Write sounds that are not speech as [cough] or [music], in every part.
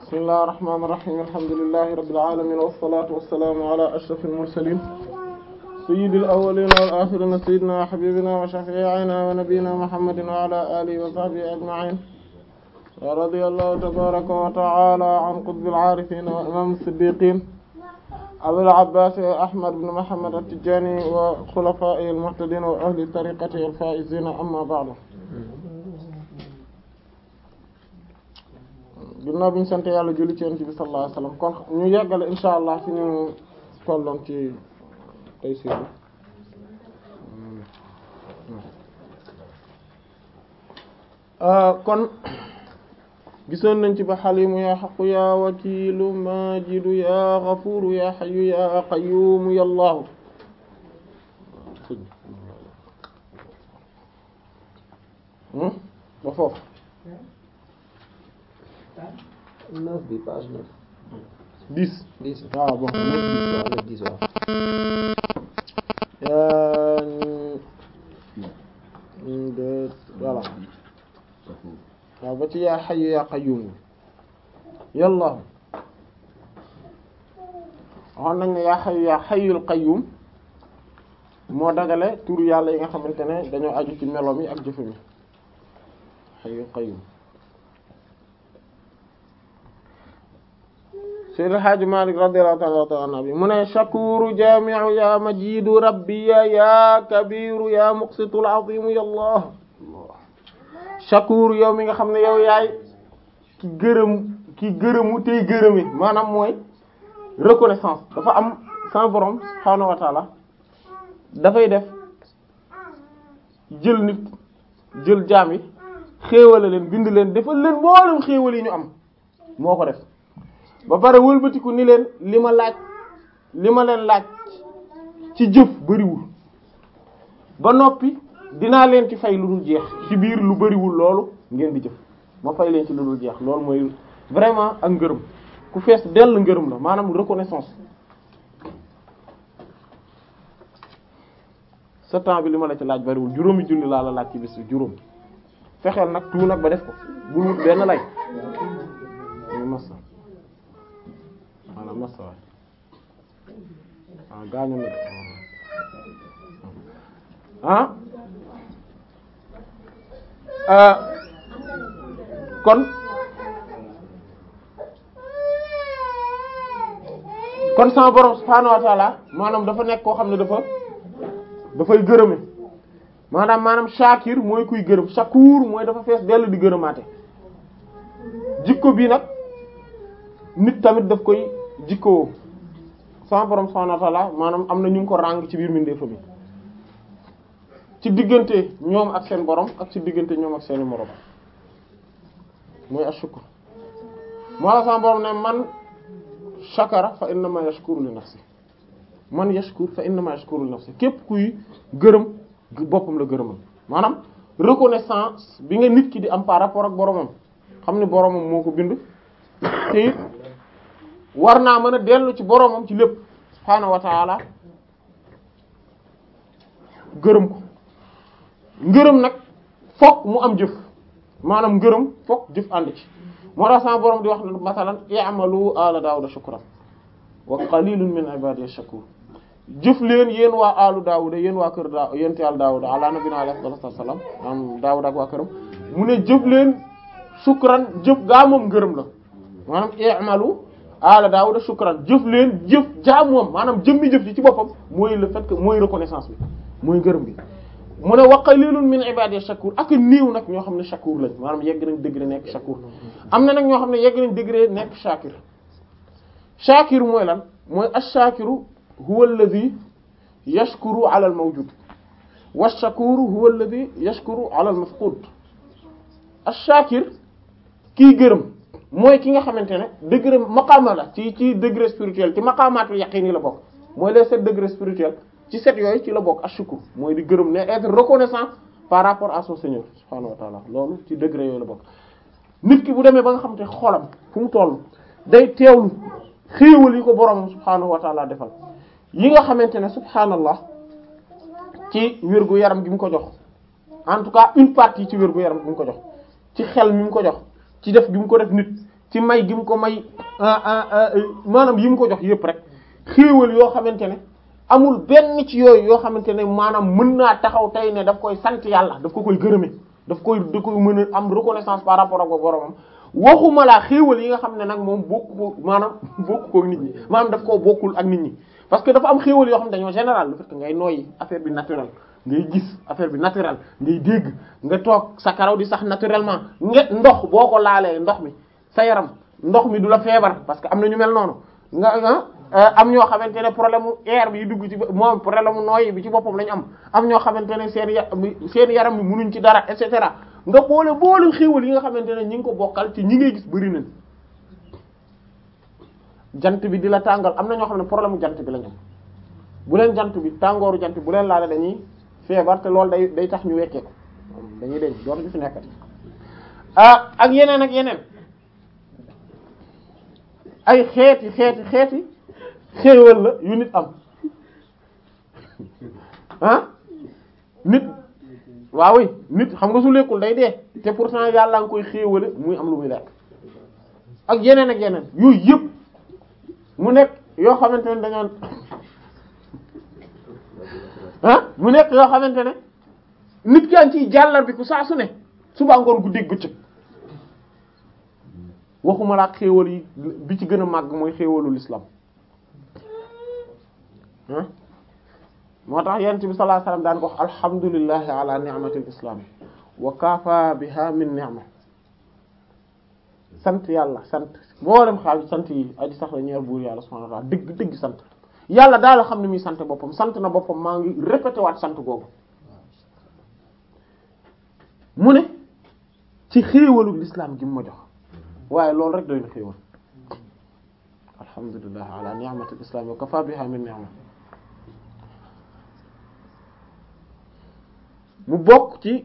bismillahir rahmanir rahim alhamdulillahi rabbil alamin wassalatu wassalamu ala ashrafil mursalin sayyidil awwalin wal akhirin sayyidina wa habibina wa shafi'ina wa nabiyyina muhammadin wa ala alihi wa sahbihi ajma'in wa radiyallahu tabaraka wa ta'ala an qutbil arifin wa imam siddiqin Abul Abbaas Ahmad ibn Muhammad at-Tijaani wa khulafaa'ihi al-muhtadiin wa ahli tariiqatihi al-faa'iziin amma ba'du ginnaaw bi ñu sant yàlla julli ci yonent bi sallallahu alayhi wasallam kon ñu yeggale insha allah fi ñu tolloon ci Tayssîr bi euh, kon gisoon nañ ci ba xalimu yaa xaqu yaa wakiilu maajidu yaa xafuuru yaa xayu yaa qayuumu yallaahu hmm? ba foofu neuf bi waaw ba ci yaa xayu yaa qayyum yàlla waxoon nañ ne yaa xayu yaa xayul qayyum moo dagale tur yàlla yi nga xamante ne dañoo aju ci meloom yi ak jëfam yi xayu qayyum Seydil Haaji Malik radiyallahu ta'ala anhu bi mu ne shakuru jami'u ya majidu rabbiya ya kabiru ya muqsitul azimu ya Allah yow mi nga xam ne yow yaay ki gërëm ki gërëmu tey gërëmi maanaam mooy reconnaissance dafa am sans borom subhaanahu wa dafay def jël nit jël jaam yi leen bind leen defal leen mboolem xéewal yi ñu am moo ko def ba pare wëlbatiku ni leen li ma laaj li ma leen laaj ci jëf bariwul ba noppi dinaa leen ci fay lu dul jeex ci biir lu bariwul loolu ngeen di jëf ma fay leen ci lu dul jeex loolu mooy vraiment ak ngërëm ku fees dell ngërëm la maanaam reconnaissance sa temps bi li ma la ci laaj bariwul juróomi junni laa la laaj ci bis bi juróom fexeel nag tuur nag ba def ko bul wut benn lay mas waay waaw gaañu na kon sama borom subhaanahu wa ta'ala maanaam dafa nekk koo xam ne dafa dafay gërëme maanaam maanaam shakir mooy kuy gërëm shakur mooy dafa fees dellu di gërëmaate jikko bii nag nit tamit daf koy jikkoo sama borom subhaanahu wa maanaam am na ñu ngi ko ràng ci biir mbindeefam yi ci diggante ñoom ak seen borom ak ci diggante ñoom ak seeni morom mooy ashukr moo la sama borom ne man shakara fa innama yashkuru li nafsi man yashkur yashkuru li nafsi képp kuy gërëm boppam la gërëmal maanaam reconnaissance bi nga nit ki di am par rapport ak boromam xam ni boromam moo ko bind te it war naa mën a dellu ci boromam ci lépp subhaanahu wa gërëm ko ngërëm nag fokk mu am jëf maanaam gërëm fokk jëf ànd ci moo tax sama borom di wax masalan i'malu ala daawuda shukran wa qalilun min ibadiy shakur jëf leen yéen waa alu daawuda yéen waa kër da yénti àl daawuda ala nabina alayhi salatu wassalam am daawuda ak mu ne jëf leen shukran jëf ga moom ngërëm la maanaam i'malu ala daawuda shukran jëf leen jëf jaam moom maanaam jëmmi jëf ji ci boppam mooy le fait que mooy reconnaissance bi mooy gërëm bi mu ne wa qalilun min ibadiy shakur ak néew nag ñoo xam ne shakur lañ maanaam yegg nañ degré nekk shakur am na nag ñoo am ne yegg nañ degré nekk shakir shakir mooy lan mooy ash-shakiru huwa alladhi yashkuru ala al-mawjud wash-shakuru huwa alladhi ala al-mafqud ash-shakir kii gërëm mooy ki nga xamante ne degré maqaama la ci ci degré spirituel ci maqaamaatul yaqin yi la bokk mooy les sept degrés spirituels ci sept yooyu ci la bokk ashukur mooy di gërëm ne être reconnaissant par rapport à son Seigneur subhanahu wa loolu ci degré yooyu la bokk nit ki bu demee ba nga xam te xolam fu mu toll day teewlu xéewal yi ko borom subhanahu wa ta'ala defal yi nga xamante ne subhanallah ci wér gu yaram gi mu ko jox en tout cas une partie ci wér yaram gi mu ko jox ci xel mi mu ko jox ci def gi mu ko def nit ci may gi mu ko may ah, ah, ah, euh, maanaam yi mu ko jox yépp rek xéewal yoo xamante ne amul benn ci yooyu yoo xamante ne maanaam mën naa taxaw tey ne daf koy sant yàlla daf ko koy gërëme daf koy da koy mën am reconnaissance par rapport ak boromam waxuma laa xéewal yi nga xam ne nag moom bokku ko maanaam [laughs] bokku ko nit ñi maanaam daf koo bokkul ak nit ñi parce que dafa am xéewal yoo xam ne dañoo général le fait ngay nooyi affaire bi naturel ngay gis affaire bi naturel ngay dégg nga toog sa karaw di sax naturellement nga ndox boo ko laalee ndox mi sa yaram ndox mi du la feebar parce que am na ñu mel noonu nga ah, eh, am ñoo xamante ne problème mu air bi dugg ci moom problème mu nooyi bi ci boppam lañu am am ñoo xamante ne seen ya bi munuñ ci dara et cetera nga boole boole xéwal yi nga xamante ne ñi ngi ko bokkal ci ñi ngay gis bëri nañ jant bi di la tàngal am na ñoo xam ne problème mu jant bi la bu leen jant bi tàngooru jant bi bu leen laale dañuy feebar te loolu day day tax ñu wekkee dañuy de doon ñu fi nekkati ah ak yeneen ak yeneen ay xeeti xeeti xeeti xéewal la yu nit am ah nit waaw nit xam nga su lekkul day dee te pourtant yàlla nga koy xéewale muy am lu muy lekk ak yeneen ak yeneen yooyu yëpp mu nekk yoo xamante ne dañoo ah mu nekk yoo xamante ne nit ki ciy jàllar bi ku saa su ne suba ngoon guddi bëccëg waxuma la ak xéewal yi bi ci gën a màgg mooy xéewalu l'islam ah moo tax yonent bi sallallahu alayhi wasallam daan ko wax alhamdulillahi ala ni'matil islam wa kafa biha min ni'ma sant yàlla sant mboolem xaaju sant yi aji sax la ñeer buur yàlla subhanahu wa ta'ala dëgg dëgg sant yàlla daal xam ne muy sant boppam sant na boppam maa ngi répété waat sant boobu mu ne ci xéewalu lislaam gi ma jox waaye loolu rek doy na xéewal alhamdulilah ala ni'matil islam wa kafa biha min ni'ma mu bokk ci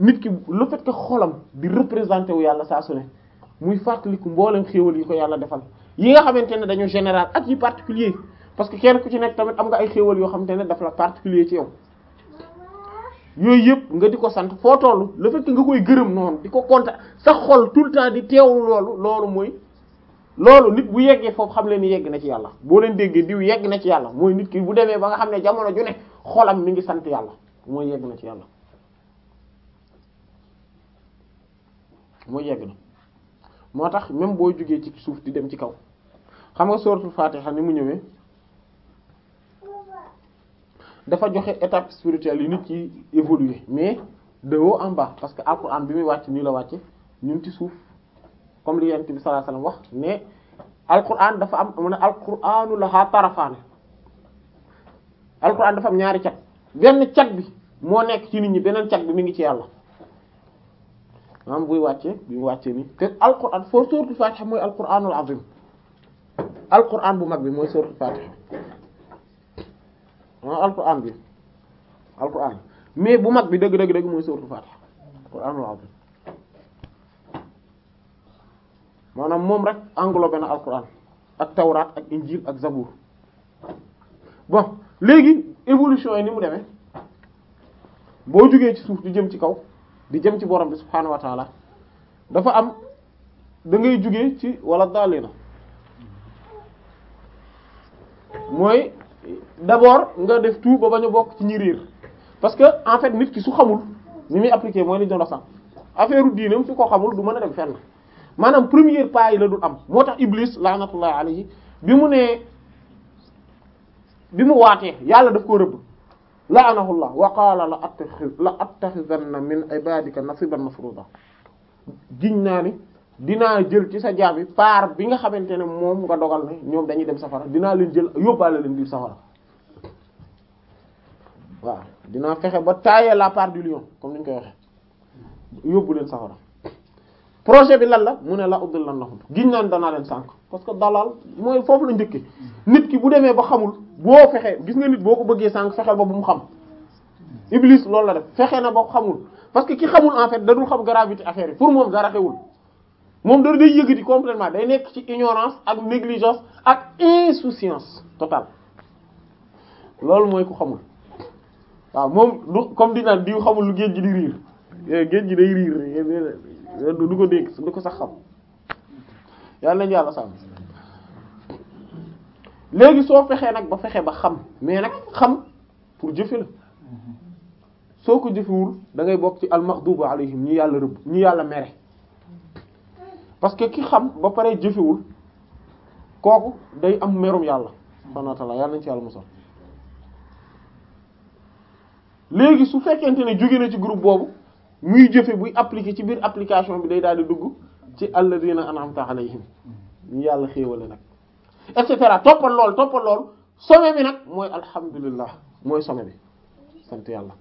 nit ki le fait que xolam di représenté wu yàlla saa su ne muy fàttaliku mboolem xéewal yi ko yàlla defal yi nga xamante ne dañu général ak yi particulier parce que kenn ku ci nekk tamit am nga ay xéewal yoo xam ne daf la particulier ci yow yooyu yëpp nga di ko sant foo toll le fait nga koy gërëm noonu di ko konta sa xol tout le temps di teewlu loolu loolu mooy loolu nit bu yeggee foofu xam leen ni yegg na ci yàlla boo leen déggee diw yegg na ci yàlla mooy nit ki bu demee ba nga xam ne jamono ju ne xolam mi ngi sant yàlla mooy yegg na ci yàlla mooy moo tax même boo jógee ci suuf di dem ci kaw xam nga suratul Fatiha ni mu ñëwee dafa joxe étape spirituelle yi nit ci évoluer mais de haut en parce que alquran bi muy wàcc nii la wàcc ñun ci suuf comme li yonent bi sallallahu alayhi wasallam wax ne alquran dafa am mu ne alquranu laha tarafaani alquran dafa am ñaari cat benn cat bi moo nekk ci nit ñi beneen cat bi mi ngi ci yàlla maanaam buy wàccee bi mu wàccee nii te alquran foo suratul fatiha mooy alquranul azim alquran bu mag bi mooy suratul fatiha alquran bi alquran mais bu mag bi dëgg dëgg dëgg mooy suratul Fatiha alquranul azim maanaam moom rek englobé na alquran ak tawraat ak injil ak zabur bon léegi évolution yi ni mu demee boo jógee ci suuf di jëm ci kaw di jëm ci borom bi subhaanahu wa dafa am dangay ngay ci walla daale na mooy d'abord nga def tout ba bañ bokk ci ñi riir parce que en fait nit ki su xamul ni muy appliquer mooy li doon wax sax affaire diinam su ko xamul du mën a dem fenn maanaam première pas yi la du am moo tax Iblis laanatullahi alayhi bi mu nee bi mu waatee yàlla daf koo rëbb laanahullah wa qaala la attaxi la attaxidanna min ibadika nasiban mafruda giñ naa ni dinaa jël ci sa jaam yi paar bi nga xamante ne moom nga dogal ne ñoom dañuy dem safara dinaa leen jël yóbbaale leen biir safara waaw dinaa fexe ba taaye la part du lion comme ni ñu koy waxee yóbbu leen safara projet bi lan la mu ne la uddul lan la xut giñ naan danaa leen sànk parce que dalal mooy foofu la njëkke nit ki bu demee ba xamul boo fexe gis nga nit boo ko bëggee sànk fexeel ba bu mu xam Iblis loolu la def fexe na ba xamul parce que ki xamul en fait da dul xam gravité affaire yi pour moom dara xewul moom dara day yëgati complètement day nekk ci ignorance ak négligence ak insouciance totale mooy ku xamul waaw moom lu comme di naan diw xamul lu géej gi di riir eh, géej gi day riir eh, du ko dégg du ko sax xam yàlla nañu yàlla léegi soo fexee nag ba fexe ba xam mais nag xam pour jëfe la soo ko jëfewul da ngay bokk ci almaxdubu alayhim ñu yàlla rëbb ñi yàlla mere parce que ki xam ba pare jëfewul kooku day am merum yàlla subhaanahu wa ta'aala yàlla nañ ci yàlla musal léegi su fekkente ne jóge na ci groupe boobu muy jëfe buy appliquer ci biir application bi day daal di dugg ci alladina an'amta alayhim ñu yàlla xéewale nag et cetera toppal lool toppal lool sommet bi nag mooy alhamdulillah mooy sommet bi sant yàlla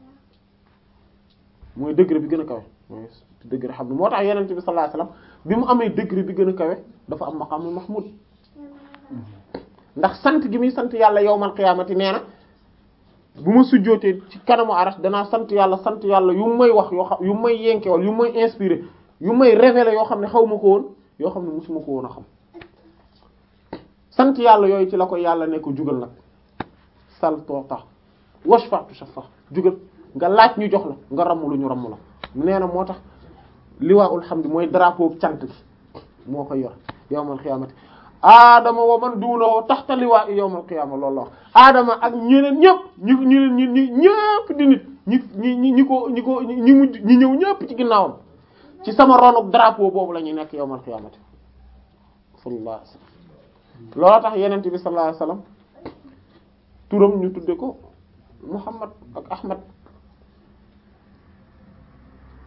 mooy degré bi gën a kawe mooy degré xam ne moo tax yenente bi sallallahu alayhi bi mu amee degré bi gën a kawe dafa am maqaamul mahmud mm-hmm. ndax sant gi sant yàlla yowmal qiyaamati nee na bu ma sujjootee ci kanamu arash danaa sant yàlla sant yàlla yu may wax yoo yu may yenkewal yu may inspiré yu may révélé yoo xam ne xaw ma ko woon yoo xam ne suma ko woon a xam sant yàlla yooyu ci la ko yàlla ne ko jugal nag sal toota washfa'tu shaffa jugal nga laaj ñu jox la nga ramm lu ñu ramm la nee na moo tax liwaa ul hamd mooy drapeau cant bi moo koy yor yowmal xiyaamati aadama wa man duunahu taxta liwaa i yawmal loolu la wax aadama ak ñeneen ñëpp ñi ñi ñi ñëpp di nit ñi ñi ñi ko ñi ñëw ñëpp ci ginnaawam ci sama ronuk drapeau boobu la nekk yawmal qiyaamati sallallahu alayhi tax yenente bi sallallahu alayhi turam ñu tudde ko Muhammad ak Ahmad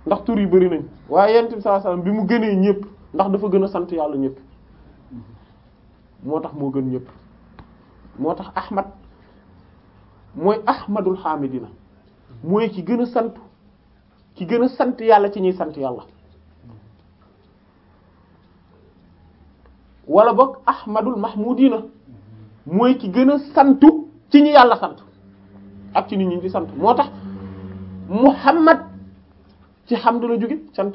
ndax tur yi bari nañ waaye yenente bi sallallahu alayhi bi mu gënee ñëpp ndax dafa gën a sant yàlla ñëpp moo tax moo gën ñëpp moo tax ahmad mooy ahmadul hamidina mooy ki gën a sant ki gën a sant yàlla ci ñuy sant yàlla wala boog ahmadul mahmudina mooy ki gën a santu ci ñi yàlla sant ak ci nit ñi di sant moo tax muhammad ci hamdu la jóge sant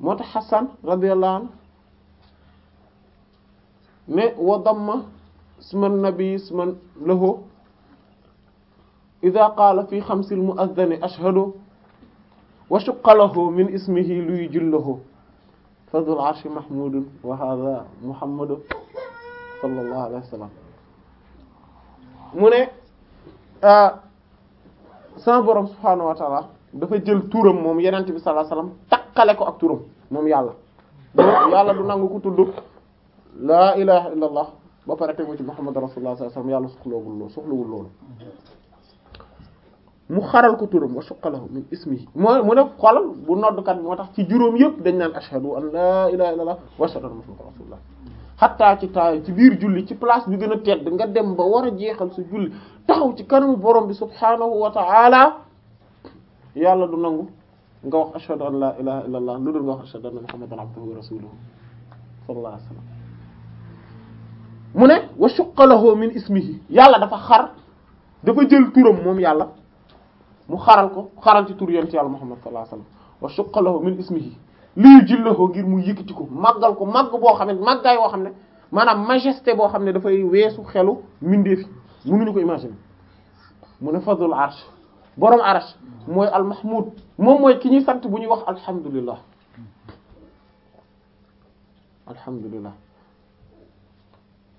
moo tax xasan radiyallahu anhu mais wa damma isman nabi isman lahu ida qaala fi xamsil muazzani ashhadu wa shaqqa lahu min ismihi luy jullahu fa dul arshi mahmudun wa hadha muhammadu sallallahu alayhi wa sallam mu ne sama borom subhaanahu wa taala dafa jël turam moom yenente bi sallallahu alayhi wa sallam takkale ko ak turam moom yàlla yàlla du nangu ko tudd laa ilaha illa ba pare tegu ci muhammad rasulullah sallallahu alayhi wasallam yàlla soxlawul loolu soxlawul loolu mu xaral ko turam wa suqalahu min ismihi mu def xolal bu noddkat moo tax ci juróom yëpp dañ naan ashhadu an laa ilaha illa allah wa ashhadu anna muhammadan rasulullah xattaa ci taay ci biir julli ci place bi gën a tedd nga dem ba war a jeexal sa julli taxaw ci kanamu borom bi subhaanahu wa ta'ala yàlla du nangu nga wax ashhadu an laa ilaha illa lu dul nga wax ashhadu anna muhammadan abduhu wa rasuluhu sallallahu alayhi mu ne wa shuqalahu min ismihi yàlla dafa xar dafa jël turam moom yàlla mu xaral ko xaral ci tur yonent yàlla Muhammad sallallahu alayhi wa sallam wa shuqalahu min ismihi liyu jillahu ngir mu yëkkati ko màggal ko màgg boo xam ne màggaay boo xam ne maanaam majesté boo xam ne dafay weesu xelu mindeefi mënuñu ko imaginer mu ne fadlul arsh boroom arsh mooy almahmud moom mooy ki ñuy sant bu ñuy wax alhamdulillah alhamdulillah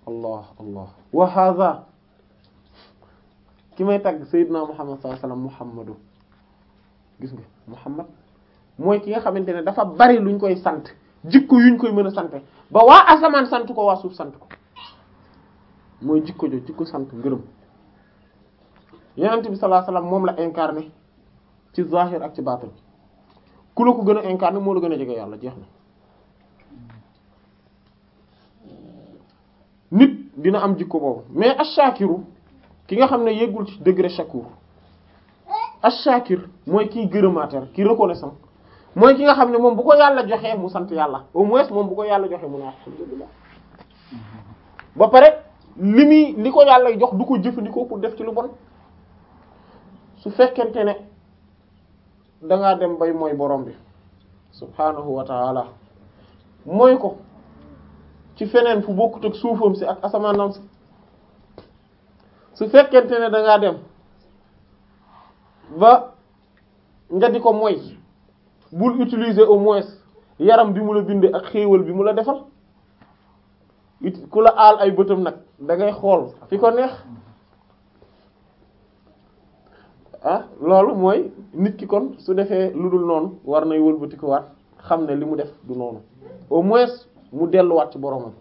allah allah wa hadha ki may tagg sayyidna muhammad sallallahu alayhi wasallam muhammadu gis nga muhammad mooy ki nga xamante ne dafa bari luñ koy sant jikko yuñ koy mën a sant ba waa asamaan sant ko waa suuf sant ko mooy jikko jo jikko sant ngërëm yonent bi sallallahu alayhi wasallam moom la incarné ci zahir ak ci baatin ku la ko gën a incarné moo la gën a jege yàlla jeex na nit dina am jikko boobu mais ash-shakiru ki nga xam ne yeggul ci degré shakur ash-shakir mooy kiy gërëmaater ki reconnaissant mooy ki nga xam ne moom bu ko yàlla joxee mu sant yàlla au moins moom bu ko yàlla joxee mu ne alhamdulillah ba pare li muy li ko yàlla jox du ko jëfandikoo pour def ci lu bon su fekkente ne dangaa dem bay mooy borom bi subhanahu wa ta'ala mooy ko ci feneen fu bokkut ak suufam si ak asamaanam si su fekkente ne dangaa dem ba nga di ko moy bul utiliser au moins yaram bi mu la bindee ak xéewal bi mu la defal it ku la aal ay bëtam nag dangay xool fi ko neex ah loolu mooy nit ki kon su defee lu dul noonu war nay wëlbatikuwaat xam ne li mu def du noonu au mu delluwaat ci boromam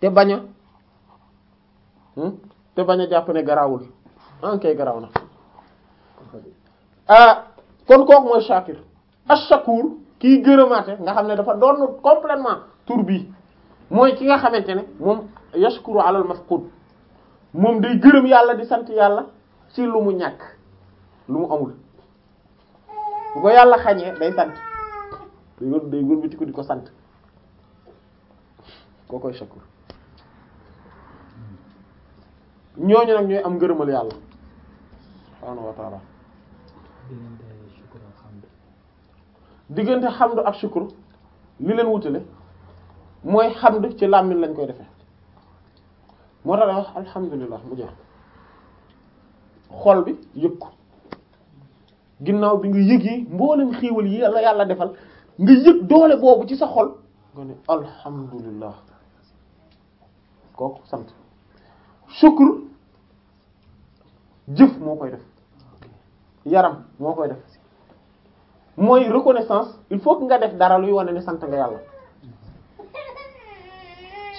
te bañ hmm? te bañ a jàpp ne garaawul en ah, kay garaaw na ah kon kooku mooy shakir ash-shakur kiy gërëmaate nga xam ne dafa doon complètement tur bi mooy ki nga xamante ne moom yashkuru alal mafqud moom day gërëm yàlla di sant yàlla ci lu mu ñàkk lu mu amul bu ko yàlla xañee day sant day wër day wër ko di ko sant koo koy shakur ñooñu nag ñooy am ngërëmal yàlla subhaanahu wa ta'ala diggante xamdu ak shukur li leen wutale mooy xamdu ci làmmiñ lañ koy defee moo tax wax alhamdulilah mu jeex xol bi yëg ko ginnaaw bi nga yëgee mboolem xiiwal yi la yàlla defal nga yëg doole boobu ci sa xol nga ne alhamdulilah kooku sant shukr jëf moo koy def yaram moo koy def mooy reconnaissance il faut nga def dara luy wane ne sant nga yàlla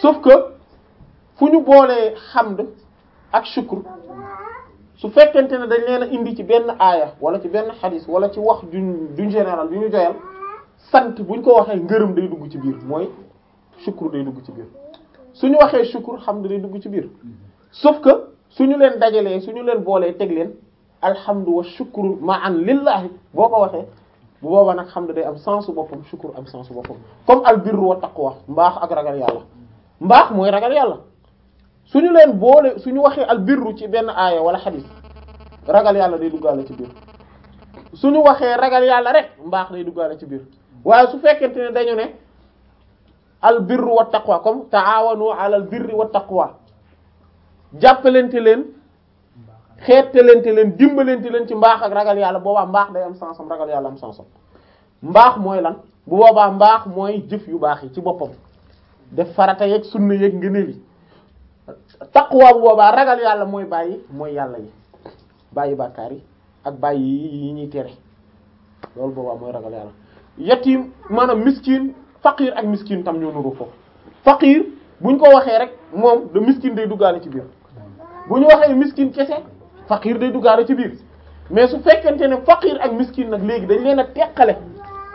sauf que fu ñu boolee xamd ak shukr su fekkente ne dañ leen indi ci benn aaya wala ci benn xadis wala ci wax ju duñ général bi ñu joyal sant buñ ko waxee ngërëm day dugg ci biir mooy shukr day dugg ci biir su ñu waxee shukur xam day dugg ci biir sauf que suñu leen dajalee su ñu leen boolee teg leen alhamdu wa shukru ma'an lillahi boo ko waxee bu boobaa nag xamdu day am sensu boppam shukur am sensu boppam comme albirru wa taqwa mbaax ak ragal yàlla mbaax mooy ragal yàlla suñu leen boole ñu waxee albirru ci benn aaya wala xadis ragal yàlla day duggaale ci biir ñu waxee ragal yàlla rek mbaax day duggaale ci biir waaye su fekkente ne dañu ne al birru wa taqwa comme taawanu alal birri wa taqwa jàppalante leen xeetalante leen dimbalante leen ci mbaax ak ragal yàlla boobaa mbaax day am sansam ragal yàlla am sansam mbaax mooy lan bu boobaa mbaax mooy jëf yu baax yi ci boppam def farata yeeg sunna yeeg ngëneel yi taqwa bu boobaa ragal yàlla mooy bàyyi mooy yàlla yi bàyyi bàkkaar yi ak bàyyi yi ñuy tere loolu boobaa mooy ragal yàlla yatim maanaam miskin faqiir ak miskin tam ñoo nuru foofu bu ñu ko waxee rek moom le miskin day duggaale ci biir bu ñu waxee miskin kese faqiir day duggaale ci biir mais su fekkente ne faqiir ak miskin nag léegi dañ leen a teqale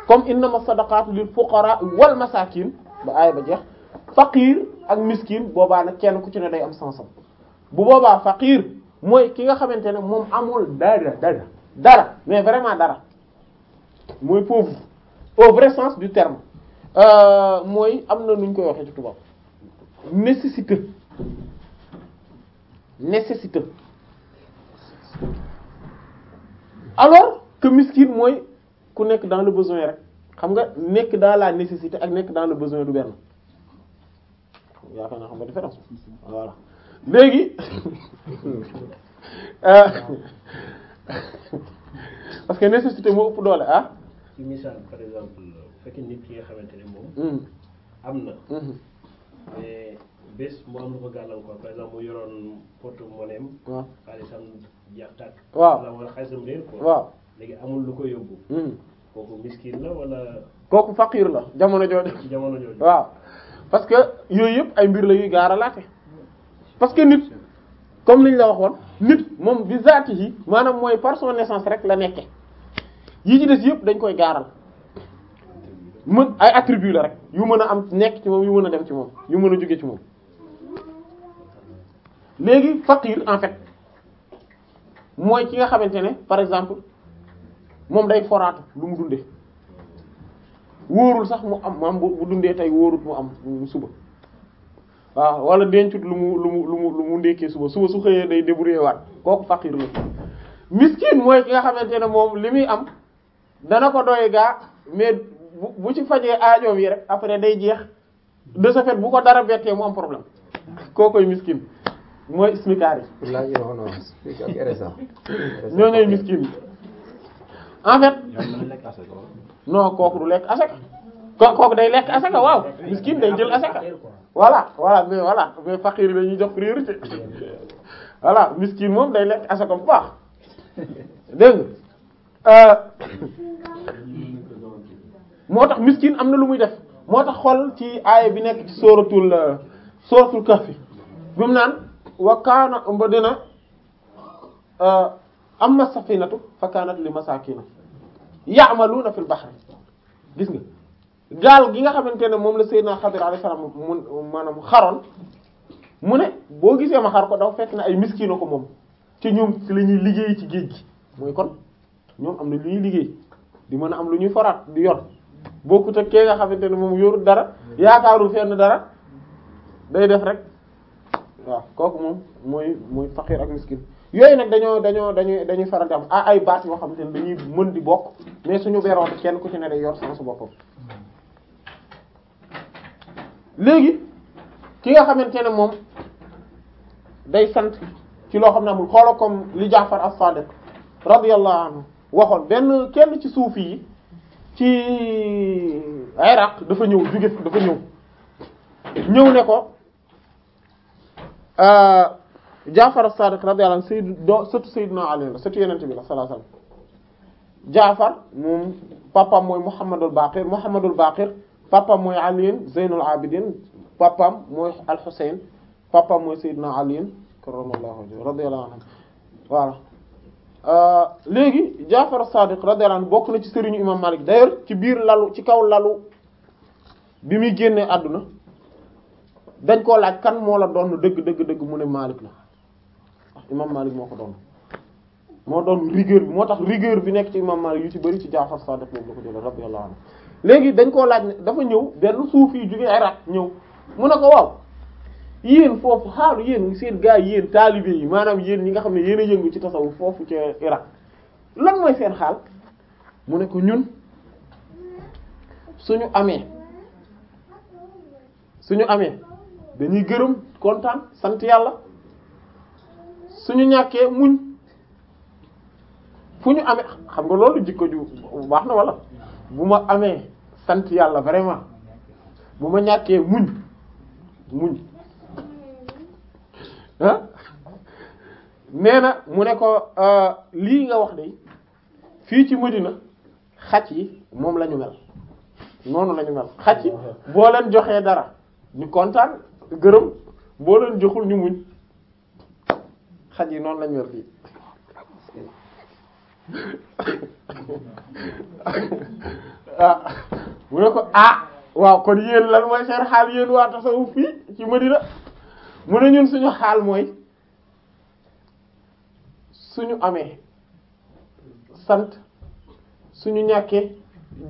comme innama sadaqatu lil fuqara wal masakin ba aaya ba jeex faqiir ak miskin boobaa nag kenn ku ci ne day am sansam bu boobaa faqiir mooy ki nga xamante ne moom amul dara dara dara mais vraiment dara mooy pauvre au vrai sens Euh, mooy am na nu ñu koy waxee ci tubaab nécessité nécessité alors que miskin mooy ku nekk dans le besoin rek xam nga nekk dans la nécessité ak nekk dans le besoin du benn naa xam nga différence voilà léegi [laughs] euh, [laughs] parce que nécessité moo ëpp doole ah ci misaal par exemple bu fekkee nit ki nga xamante ne moom. Hmm. am na. Hmm. mais bés am lu ko gàllankoor par exemple mu yoroon porte monnaie am. waaw xaalisam jeex waaw waaw amul lu ko yóbbu. Hmm. kooku miskin la wala. kooku faqiir la jamono jooju. jamono jooju waaw. parce que yooyu yëpp ay mbir la yuy gaaralaate parce que nit comme liñ la waxoon nit moom bi zaati yi maanaam mooy par son rek la nekke yi ci des yëpp dañ koy gaaral mën ay attribut la rek yu mën a am nekk ci moom yu mën a dem ci moom yu mën a jóge ci moom léegi faqir en fait mooy ki nga xamante ne par exemple moom day foraatu lu mu dundee wóorul sax mu am maam bu dundee tey wóorut mu am suba waaw wala dencut lu mu lu mu lu mu lu mu ndekkee suba suba su xëyee day débrouiller waat kooku faqir la miskin mooy ki nga xamante ne moom li muy am dana ko doy gaa mais bu ci fajee aajoom yi rek après day jeex de ce bu ko dara bettee mu am problème kookoy miskin mooy smicari [laughs] ñoo ñooy miskin en fait noo kooku du lekk asaka ko kook day lekk asaka waaw miskin day jël asaka voilà voilà mais voilà mais fakir la ñuy jox priorité [laughs] voilà miskin moom day lekk asaka bu baax Euh, [coughs] moo tax miskin am na lu muy def moo tax xool ci aaya bi nekk ci sooratul euh, sóoratul kahfi bi mu naan wa kaana mba dina euh, amma safinatu fa kaanat li masakina ya'maluna fil bahri gis nga gaal gi nga xamante ne moom la Seydina Xadir alayhi salaam mu maanaam xaroon mu ne boo gisee ma xar ko dafa fekk na ay miskino ko moom ci ñoom ci la liggéey ci géej gi mooy kon ñoom am na lu ñuy liggéey di mën a am lu ñuy foraat di yor bokkut ak kee nga xamante ne moom yorut dara yaakaarul fenn dara day def rek waaw kooku moom mooy mooy faqiir ak miskin yooyu nag dañoo dañoo dañuy dañuy faral di am ah ay baat yoo xamante ne dañuy mën di bokk mais suñu beroon kenn ku ci ne day yor sans su boppam léegi ki nga xamante ne moom day sant ci loo xam ne amul xoola comme li Jaafar as-Sadiq radiyallahu anhu waxoon benn kenn ci suufi yi ci Iraq dafa ñëw jóge dafa ñëw ñëw ne ko euh, Jaafar as-Sadiq radiyallahu anhu sayyid do sëtu Sayyidina Ali la sëtu bi la sallallahu Jaafar moom papaam mooy Muhammadul Baqir Muhammadul Baqir papaam mooy Aliin Zeynul Abidin papaam mooy Al Husayn papaam mooy Sayyidina Aliin karramallahu wajhahu radiyallahu anhu voilà Euh, léegi Jaafar Sadiq radiyallahu anhu bokk na ci sëriñu imam Malik d'ailleurs ci biir lalu ci kaw lalu bi muy génnee àdduna dañ koo laaj kan moo la doon dëgg dëgg dëgg mu ne Malik la ah, imam Malik moo ko doon moo doon rigueur bi moo tax rigueur bi nekk ci imam Malik yu ci bëri ci Jaafar Sadiq moom la ko jëlee radiyallahu anhu léegi dañ koo laaj ne dafa ñëw benn suufi jóge Iraq ñëw mun a ko waaw yéen foofu xaalu yéen seen gaa yi yéen taalibe yi maanaam yéen ñi nga xam ne yéen a yëngu ci tasawuf foofu ci Irak lan mooy seen xaal mu ne ko ñun suñu amee suñu amee dañuy gërëm kontaan sant yàlla suñu ñàkkee muñ fu ñu amee xam nga loolu jikko ju baax na wala bu ma amee sant yàlla vraiment bu ma ñàkkee muñ muñ ah nee na mu ne ko euh, lii nga wax de fii ci Madina xaj yi moom lañu ñu mel noonu la mel xaj yi boo leen joxee dara ñu kontaan gërëm boo leen joxul ñu muñ xaj yi noonu lañ ñu mel fii [laughs] ah mu ne ko ah waaw kon yéen lan mooy seen xaal yéen waa tasawuf fii ci Madina mu ne ñun suñu xaal mooy suñu amee sant suñu ñàkkee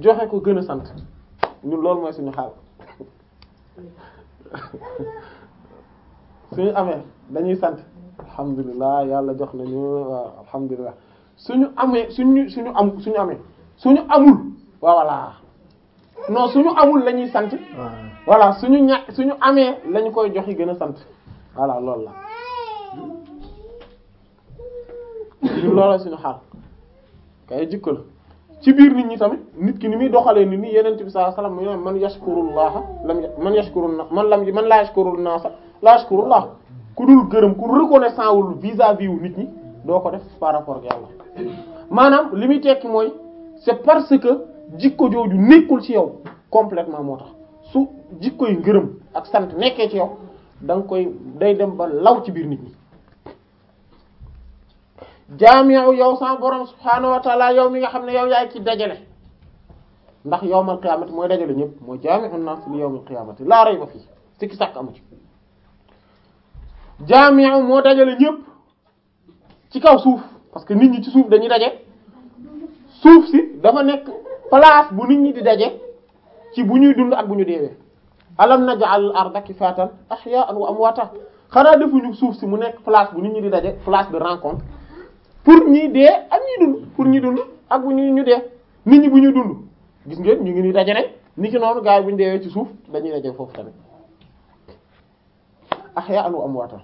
joxe ko gën a sant ñun loolu mooy suñu xaal [laughs] suñu amee dañuy sant alhamdulilah yàlla jox nañu waaw suñu amee suñu suñu am suñu amee suñu amul voilà noon suñu amul lañuy sant voilà suñu ñàkk suñu amee lañu koy joxe gën a sant voilà loolu la ñun loola suñu xaal kay jikko la ci biir nit ñi tamit nit ki ni muy doxalee nit ñi yeneen bi sallallahu alayhi wasallam man yashkurullaha lam man yashkuru man lam man la yashkuru naasa la yashkurullah ku dul gërëm ku reconnaissant wul vis-à-vis wu nit ñi doo ko def par rapport ak maanaam li muy tekki mooy c'est parce que jikko jooju nekkul ci yow complètement moo tax su jikko yi ngërëm ak sant nekkee ci yow danga koy day dem ba law ci biir nit ñi jaami'u yow sa borom subhaanahu wa ta'ala yow mi nga xam ne yow yaay ci dajale ndax yawmal qiyaamati mooy dajale ñëpp mooy jaami'un naas li yawmal qiyaamati laa rayba fii sikki sàkk amu ci jaami'u moo dajale ñëpp ci kaw suuf parce que nit ñi ci suuf dañuy daje suuf si dafa nekk place bu nit ñi di daje ci bu ñuy dund ak bu ñu deewee alam naj'al arda kifatan ahya'an wa amwata xanaa defuñu suuf si mu nekk place bu nit ñi di daje place de rencontre pour ñi dee ak ñi dund pour ñi dund ak bu ñu ñu dee nit ñi bu ñu dund gis ngeen ñu ngi ni daje rek ni ci noonu gars yi bu ñu deewee ci suuf dañuy daje foofu tamit ahya'an wa amwata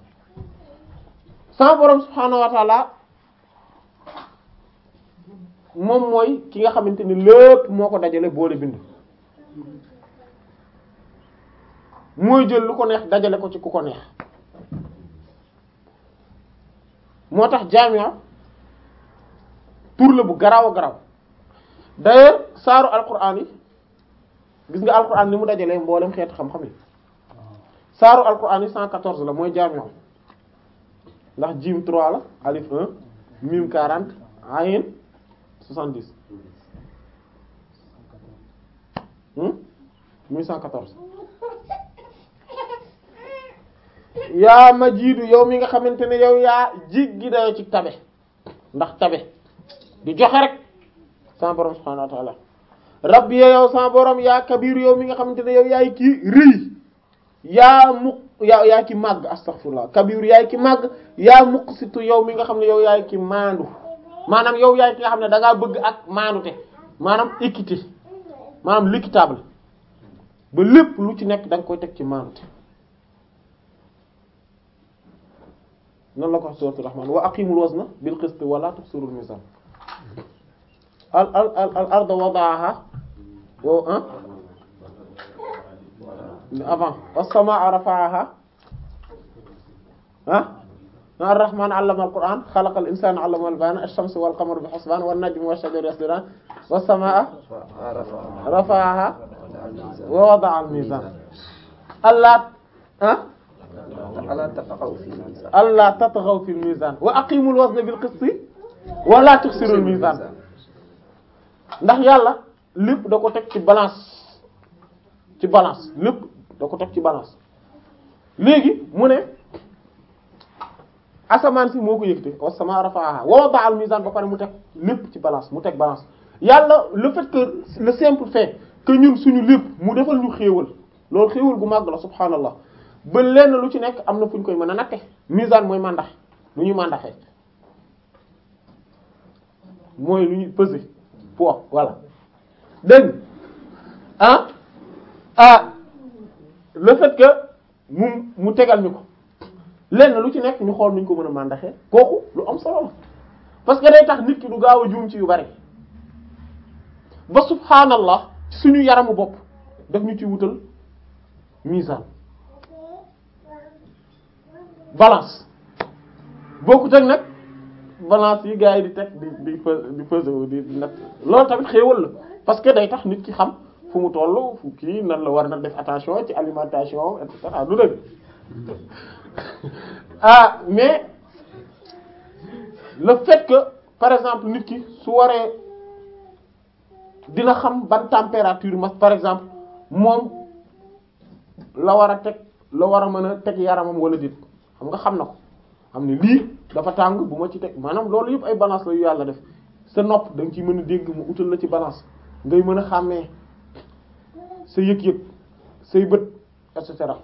sama borom subhaanahu wa moom mooy ki nga xamante ni lépp moo ko dajale boole bind mooy jël lu ko neex dajale ko ci ku ko neex moo tax jaami'a ah, tur la bu garaaw a garaaw d'ailleurs saaru alquran yi gis nga alquran ni mu dajalee mboolem xeet xam-xam yi saaru alquran yi 114 la mooy jaami'a ah. ndax jiim 3 la alif 1 mim 40 ayin 70 muy 114 yaa majiidu yow mi nga xamante ne yow yaa jiggi dayo ci tabe ndax tabe di joxe rek sama borom subhaanahu wa rabbi yow sama borom yaa kabiru yow mi nga xamante ne yow yaay ki rëy yaa mu yaa yaa ki màgg astaghfirullah kabiru yaay ki màgg yaa muqsitu yow mi nga xam ne yow yaay ki maandu maanaam yow yaay ki nga xam ne da bëgg ak maandute maanaam équité maanaam l'équitable ba lépp lu ci nekk da nga koy teg ci maandute noonu la ko wax suuratu Rahmaan wa aqimul wazna bil qisti wa la tubsirul mizan al al al al arda wada'aha wa avant was samaa rafa'aha ah ar-Rahmaan 'allama al-Qur'aan xalaqa al-insaana 'allama al-bayaana ash-shamsu wal qamaru bi hisbaan wan najmu wash-shajaru yasjudan was samaa rafa'aha wa wada'a al-miizaan allah ah allah tatxaw fil mizan allah tatxaw fil mizan wa aqimul wazna bil qisti wala tuxsirul mizan ndax yàlla lépp da ko teg ci balance ci balance lépp da ko teg ci balance léegi mu ne asamaan si moo ko yëkkati wa sama rafa'aha wa wada'a al mizan ba pare mu teg lépp ci balance mu teg balance yàlla le fait que simple fait que ñun suñu lépp mu defal ñu xéewal loolu xéewal gu màgg la subhaanallah ba lenn lu ci nekk am na fu ñu koy mën a natte misaan mooy mandax lu ñu mandaxee mooy lu ñu peser poids voilà dégg ah ah le mu mu tegal ñu ko lenn lu ci nekk ñu xool nuñ ko mën a mandaxee kooku lu am solo parce que day tax nit ki du gaaw a juum ci yu bari ba subhaanallah suñu yaramu bopp daf ñu ci wutal misaan balance bokkut ak nag balance yi gars yi di teg di di di pesé di nag loolu tamit xéewal la parce que day tax nit ki xam fu mu toll fu kii nan la war na def attention ci alimentation et cetera du dëgg [laughs] ah mais la fait que par exemple nit ki su waree dina xam ban température ma par exemple moom la war a teg la war a mën a teg yaramam wala dit xam nga xam na ko xam ne lii dafa tàng bu ma ci teg maanaam loolu yëpp ay balance la yu yàlla def sa nopp danga nga ciy mën a dégg mu utal la ci balance ngay mën a xàmmee sa yëg-yëg say bët et cetera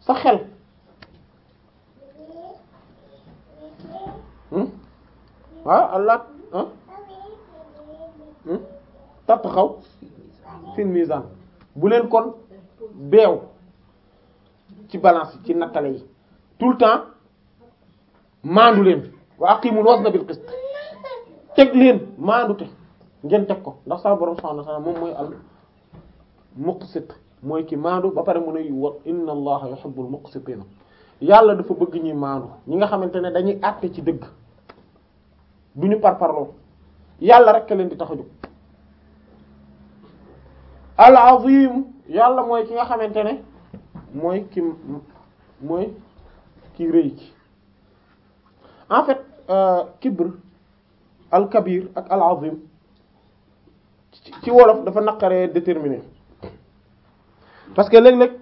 sa xel waaw hmm? ah, alaat ah? hmm? tàpp xaw fin misaan bu leen kon beew ci balance ci nattale yi tout le temps maandu leen wa aqimul wazna bil qist teg leen maandu te ngeen teg ko ndax sa borom subhanahu wa ta'ala moom mooy al muqsit mooy ki maandu ba pare mu ne wa inna allaha yuhibbul muqsitina yàlla dafa bëgg ñuy maandu ñi nga xamante ne dañuy àtte ci dëgg du ñu parparloo yàlla rek leen di tax a jóg al azim yàlla mooy ki nga xamante ne mooy ki mooy ki rëy ki en fait euh, kibr al kabir ak al azim ci wolof dafa naqaree déterminer parce que léeg-léeg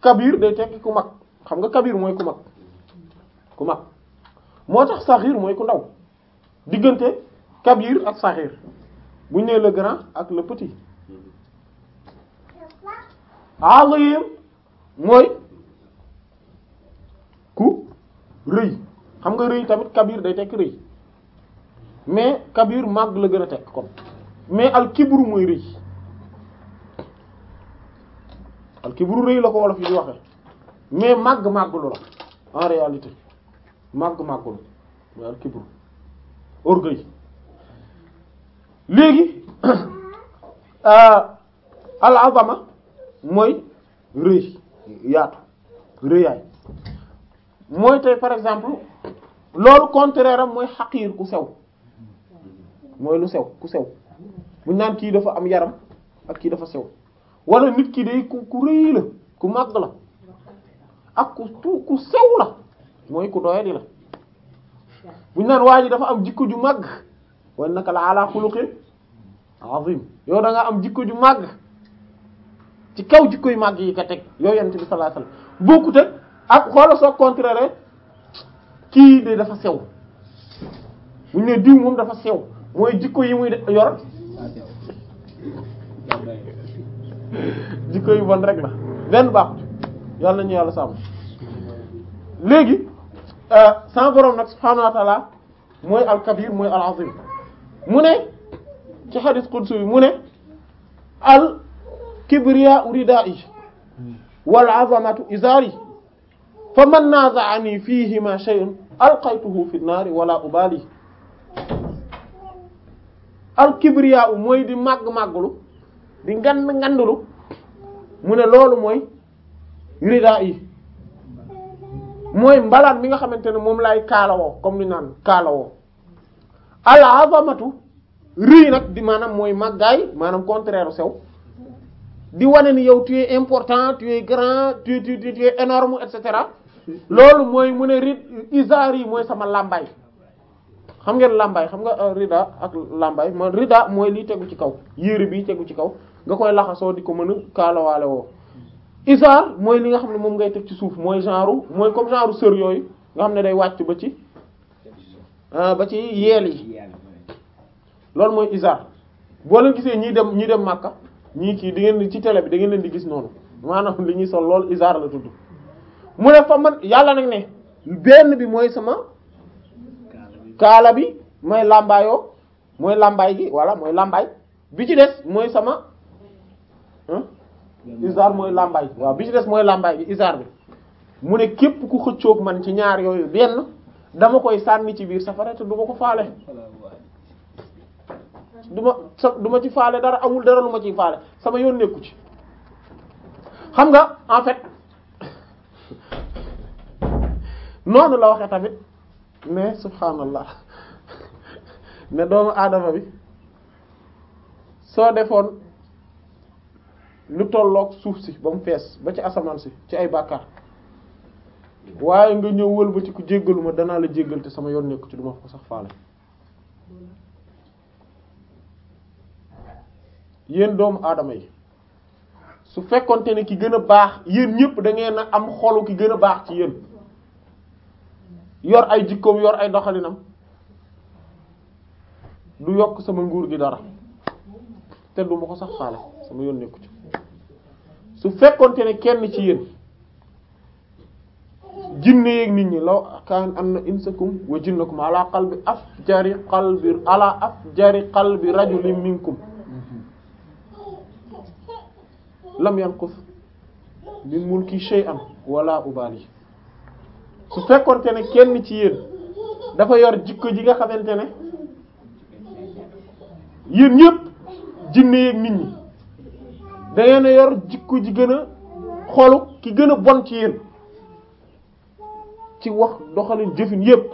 kabir day tekki ku mag xam nga kabir mooy ku mag ku mag moo tax saxir mooy ku ndaw diggante kabir ak saxir bu ñu nee le grand ak le petit azim mooy ku rëy xam nga rëy tamit kabir day tekk rëy mais kabir màgg la gën a tekk kon mais al kibru mooy rëy al rëy la ko wolof yi di waxe mais màgg màggulu la en réalité màgg màggulu mooy al kibru léegi [coughs] euh, al mooy rëy yaatu rëyaay mooy tey par exemple loolu contraire am mooy xaqiir ku sew mooy lu sew ku sew buñ naan kii dafa am yaram ak kii dafa sew wala nit ki day ku ku la ku màgg la ak ku tu ku sew la mooy ku doyadi la buñ naan waa ji dafa am jikko ju màgg wa innaka la ala xuluqin azim yow da nga am jikko ju màgg ci kaw jikko yu màgg yi ka teg yow yent bi sallallahu alayhi wasallam bokkut ak ak xoola soo contraire kii de dafa sew bu ñu ne diw moom dafa sew mooy jikko yi muy yor jikko yu bon rek la benn baaxut yàlla nañu yàlla sàmm léegi euh, sans borom nag ta'ala mooy al-kabir mooy al-azim mu ne ci hadith qudsi mu ne al kibriya ridaa'i wal azamatu izari fa man naaza'anii fiihimaa shay'un alqaytuhu fi naari wala ubaali alkibriyaa u mooy di màgg màgglu di ngand ngandlu mu ne loolu mooy ridaa yi mooy mbalaan bi nga xamante ne moom laay kaalawoo comme ni naan kaalawoo al azamatu rëy nag di maanaam mooy màggaay maanaam contraire sew di wane ni yow tu important tu es grand tu énorme et cetera loolu mooy mu ne rid isaar yi mooy sama làmbaay xam ngeen làmbaay xam nga euh, rida ak làmbaay man rida mooy lii tegu ci kaw yére bi tegu ci kaw nga koy laxasoo di ko mën a kaalawaale woo isaar mooy li nga xam ne moom ngay teg ci suuf mooy genre mooy comme genre sër yooyu nga xam ne day wàcc ba ci ah, ba ci yeel yi loolu mooy isaar boo leen gisee ñii dem ñii dem Makka ñii kii di ngeen ci télé bi da ngeen leen di gis noonu maanaam li ñuy sol lool isaar la tudd mu ne fa man yàlla nag ne benn bi mooy sama kaala bi mooy làmbaayoo mooy làmbaay gi voilà mooy làmbaay bi ci des mooy sama isaar mooy làmbaay waaw bi ci des mooy làmbaay bi isaar bi mu ne képp ku xëccoog man ci ñaar yooyu benn dama koy sànni ci biir safara te du ma ko faale du ma sa duma ci faale dara amul dara lu ma ci faale sama yoon nekku ci xam nga en fait noonu la waxee tamit ne subhaanallah [laughs] ne doomu aadama bi soo defoon lu tolloog suuf si ba mu fees ba ci asamaan si ci ay bàkkaar waaye nga ñëw wëlbati ku jéggaluma danaa la jéggal te sama yoon nekk ci duma ko sax faale yéen doomu aadama yi su fekkonte ne ki gën a baax yéen ñëpp dangeen a am xolu ki gën a baax ci yéen yor ay jikkoom yor ay doxalinam du yokk sama nguur gi dara te du ma ko sax faale sama yoon nekku ci su fekkonte ne kenn ci yéen jinne yeeg nit ñi law kaan am na insakum wa jinnakum ala qalbi afjari qalbi ala afjari qalbi rajulin minkum lam yanqus mulki shay'an wala ubali su fekkonte ne kenn ci yéen dafa yor jikko ji nga xamante ne yéen ñëpp jinne yeeg nit ñi da ngeen a yor jikko ji gën a xolu ki gën a bon ci yéen ci wax doxalin jëfin yépp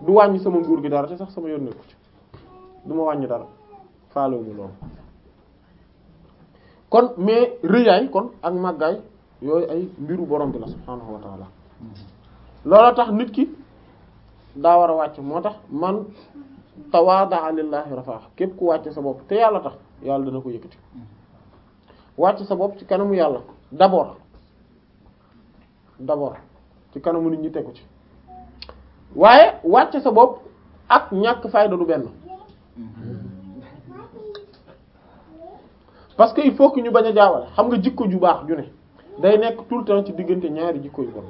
du wàññi sama nguur gi dara te sax sama yoon nekku ci du ma wàññi dara faalewu mu loolu kon mais rëyaay kon ak màggaay yooyu ay mbiru borom bi la subhaanahu wa looloo tax nit ki daa war a wàcc moo tax man tawaadaa lillaahi rafaa képp ku wàcc sa bopp te yàlla tax yàlla dana ko yëkkati wàcc sa bopp ci kanamu yàlla d'abord d'abord ci kanamu nit ñi tegu ci waaye wàcc sa bopp ak ñàkk fayda du benn parce que il faut que ñu bañ a jaawale xam nga jikko ju baax ju ne day nekk tout le temps ci diggante ñaari jikko yu bon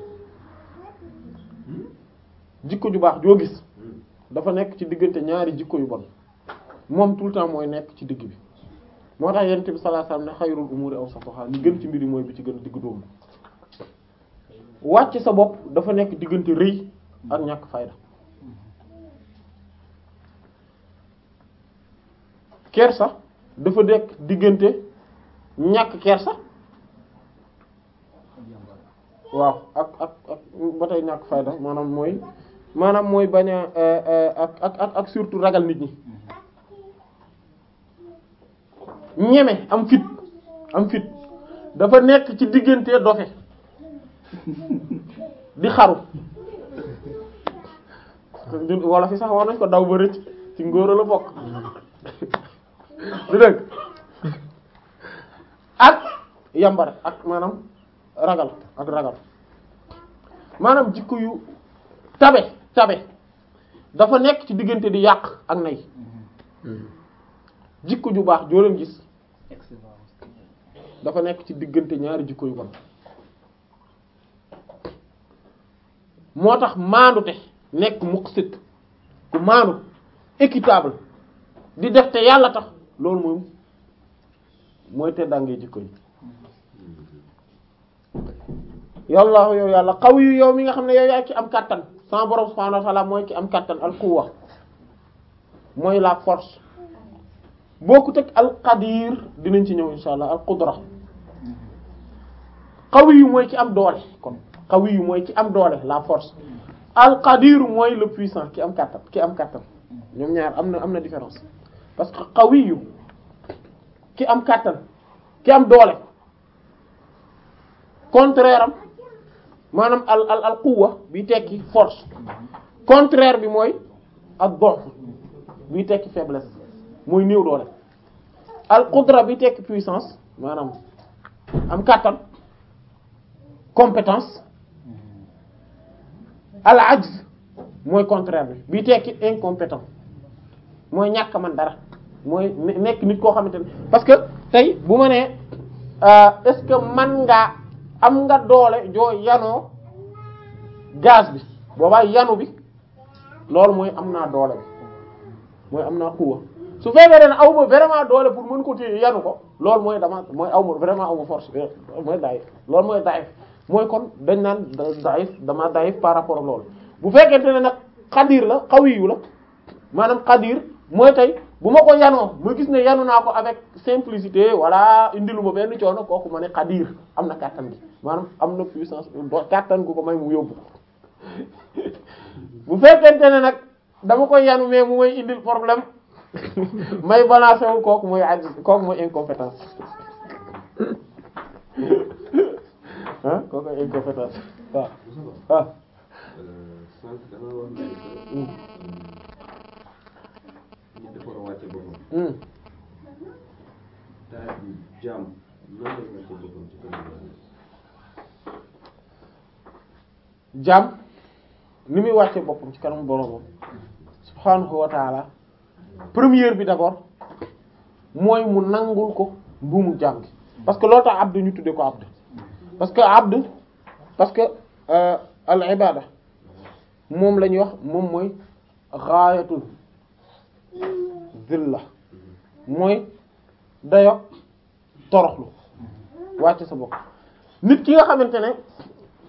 jikko ju baax joo gis hmm. dafa nekk ci diggante ñaari jikko yu bon moom tout le temps mooy nekk ci digg bi moo tax yonent bi sallallahu alayhi wasallam ne xayrul umuri awsatuha li gën ci mbir yi mooy bi ci gën a digg doomu sa bopp dafa nekk diggante rëy ak ñàkk fayda kersa dafa nekk diggante ñàkk kersa waaw ak ak ak ba tey ñàkk fayda maanaam mooy maanaam mooy bañ euh, euh, ak ak ak surtout ragal nit ñi ñeme am fit am fit dafa nekk ci diggante doxe di xaru wala fi sax war nañ ko daw ba rëcc ci ngóor la bokk du dëgg ak yambare ak maanaam ragal ak ragal maanaam jikko yu tabe tabe dafa nekk ci diggante di yàq ak nay mm-hmm. jikko ju baax joo gis dafa nekk ci diggante ñaari jikko yu bon moo tax maandute nekk muqsit ku maandu équitable di def te yàlla tax loolu moom mooy te dangay jikko yi mm-hmm. yallaahu yow yàlla xaw yu yow mi nga xam ne yow yaa ki am kàttan sama borom subhaanahu wa ta'ala mooy ki am kattan al quwwa mooy la force bokkut ak al qadir dinañ ci ñëw insha allah al qudra qawiyu mooy ki am doole kon qawiyu mooy ki am doole la force al qadir mooy le puissant ki am kattan ki am kattan ñoom ñaar am na am na différence parce que qawiyu ki am kattan ki am doole contraire maanaam al al al quwwa bi tekki force contraire bi mooy ak dof bi tekki faiblesse mooy néew doole al qudra bi tekki puissance maanaam am kàttan compétence al ajz mooy contraire bi bi tekki incompétent mooy ñàkk man dara mooy nekk nit koo xamante ne parce que tey bu ma nee euh, est-ce que man ngaa am nga doole joo yanoo gaz bi boobaa yanu bi loolu mooy am naa doole bi mooy am naa kuwa su fekkee ne aw ma vraiment doole pour mën ko téye yanu ko loolu mooy dama mooy aw ma vraiment aw ma force mooy daif loolu mooy daif mooy kon dañ naan daif dama daif par rapport loolu bu fekkente ne nag xadir la xawiyu la maanaam xadir mooy tey bu ma ko yanoo ma gis ne yanu naa ko avec simplicité voilà indilu ma benn coono kooku ma ne xadir am na kàttan gi maanaam am na puissance do kàttan gu ko may mu yóbbu bu fekkente ne nag dama koy yanu mais mu may indil problème [laughs] may balancé wu kooku mooy aji [laughs] kooku mooy incompétence ah kooku mooy incompétence waaw waaw. jaam nan la ñu wàccee boppam jaam ni muy wàccee boppam ci kanam boromam subhaanahu wa taala première bi d'abord mooy mu nangul ko mbuumu jaam gi parce que loolu tax abdu ñu tuddee ko abdu parce que abdu que euh, al ibada moom la ñuy wax moom mooy xaayatul zilla mooy dayo toroxlu wàcc sa bopp nit ki nga xamante ne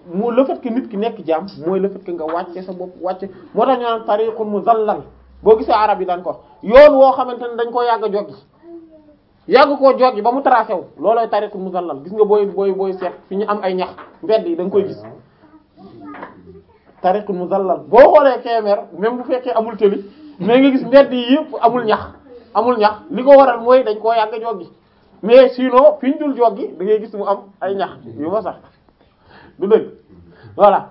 moo le fait nit ki nekk jaam mooy le fait nga wàcce sa bopp wàcce moo tax ñu naan tariqun muzallal boo gisee arab yi dañ ko yoon woo xamante ne dañ koo yàgg a joggi yàgg koo joggi ba mu tracé wu loolooy tariqun muzallal gis nga booy booy booy seet fi ñu am ay ñax mbedd yi da nga koy gis tariqun muzallal boo xoolee Kébémer même bu fekkee amul tëli mais nga gis mbedd yi yëpp amul ñax amul ñax li ko waral mooy dañ koo yàgg a joggi mais sinon fi ñu dul joggi da ngay gis mu am ay ñax yu ma sax voilà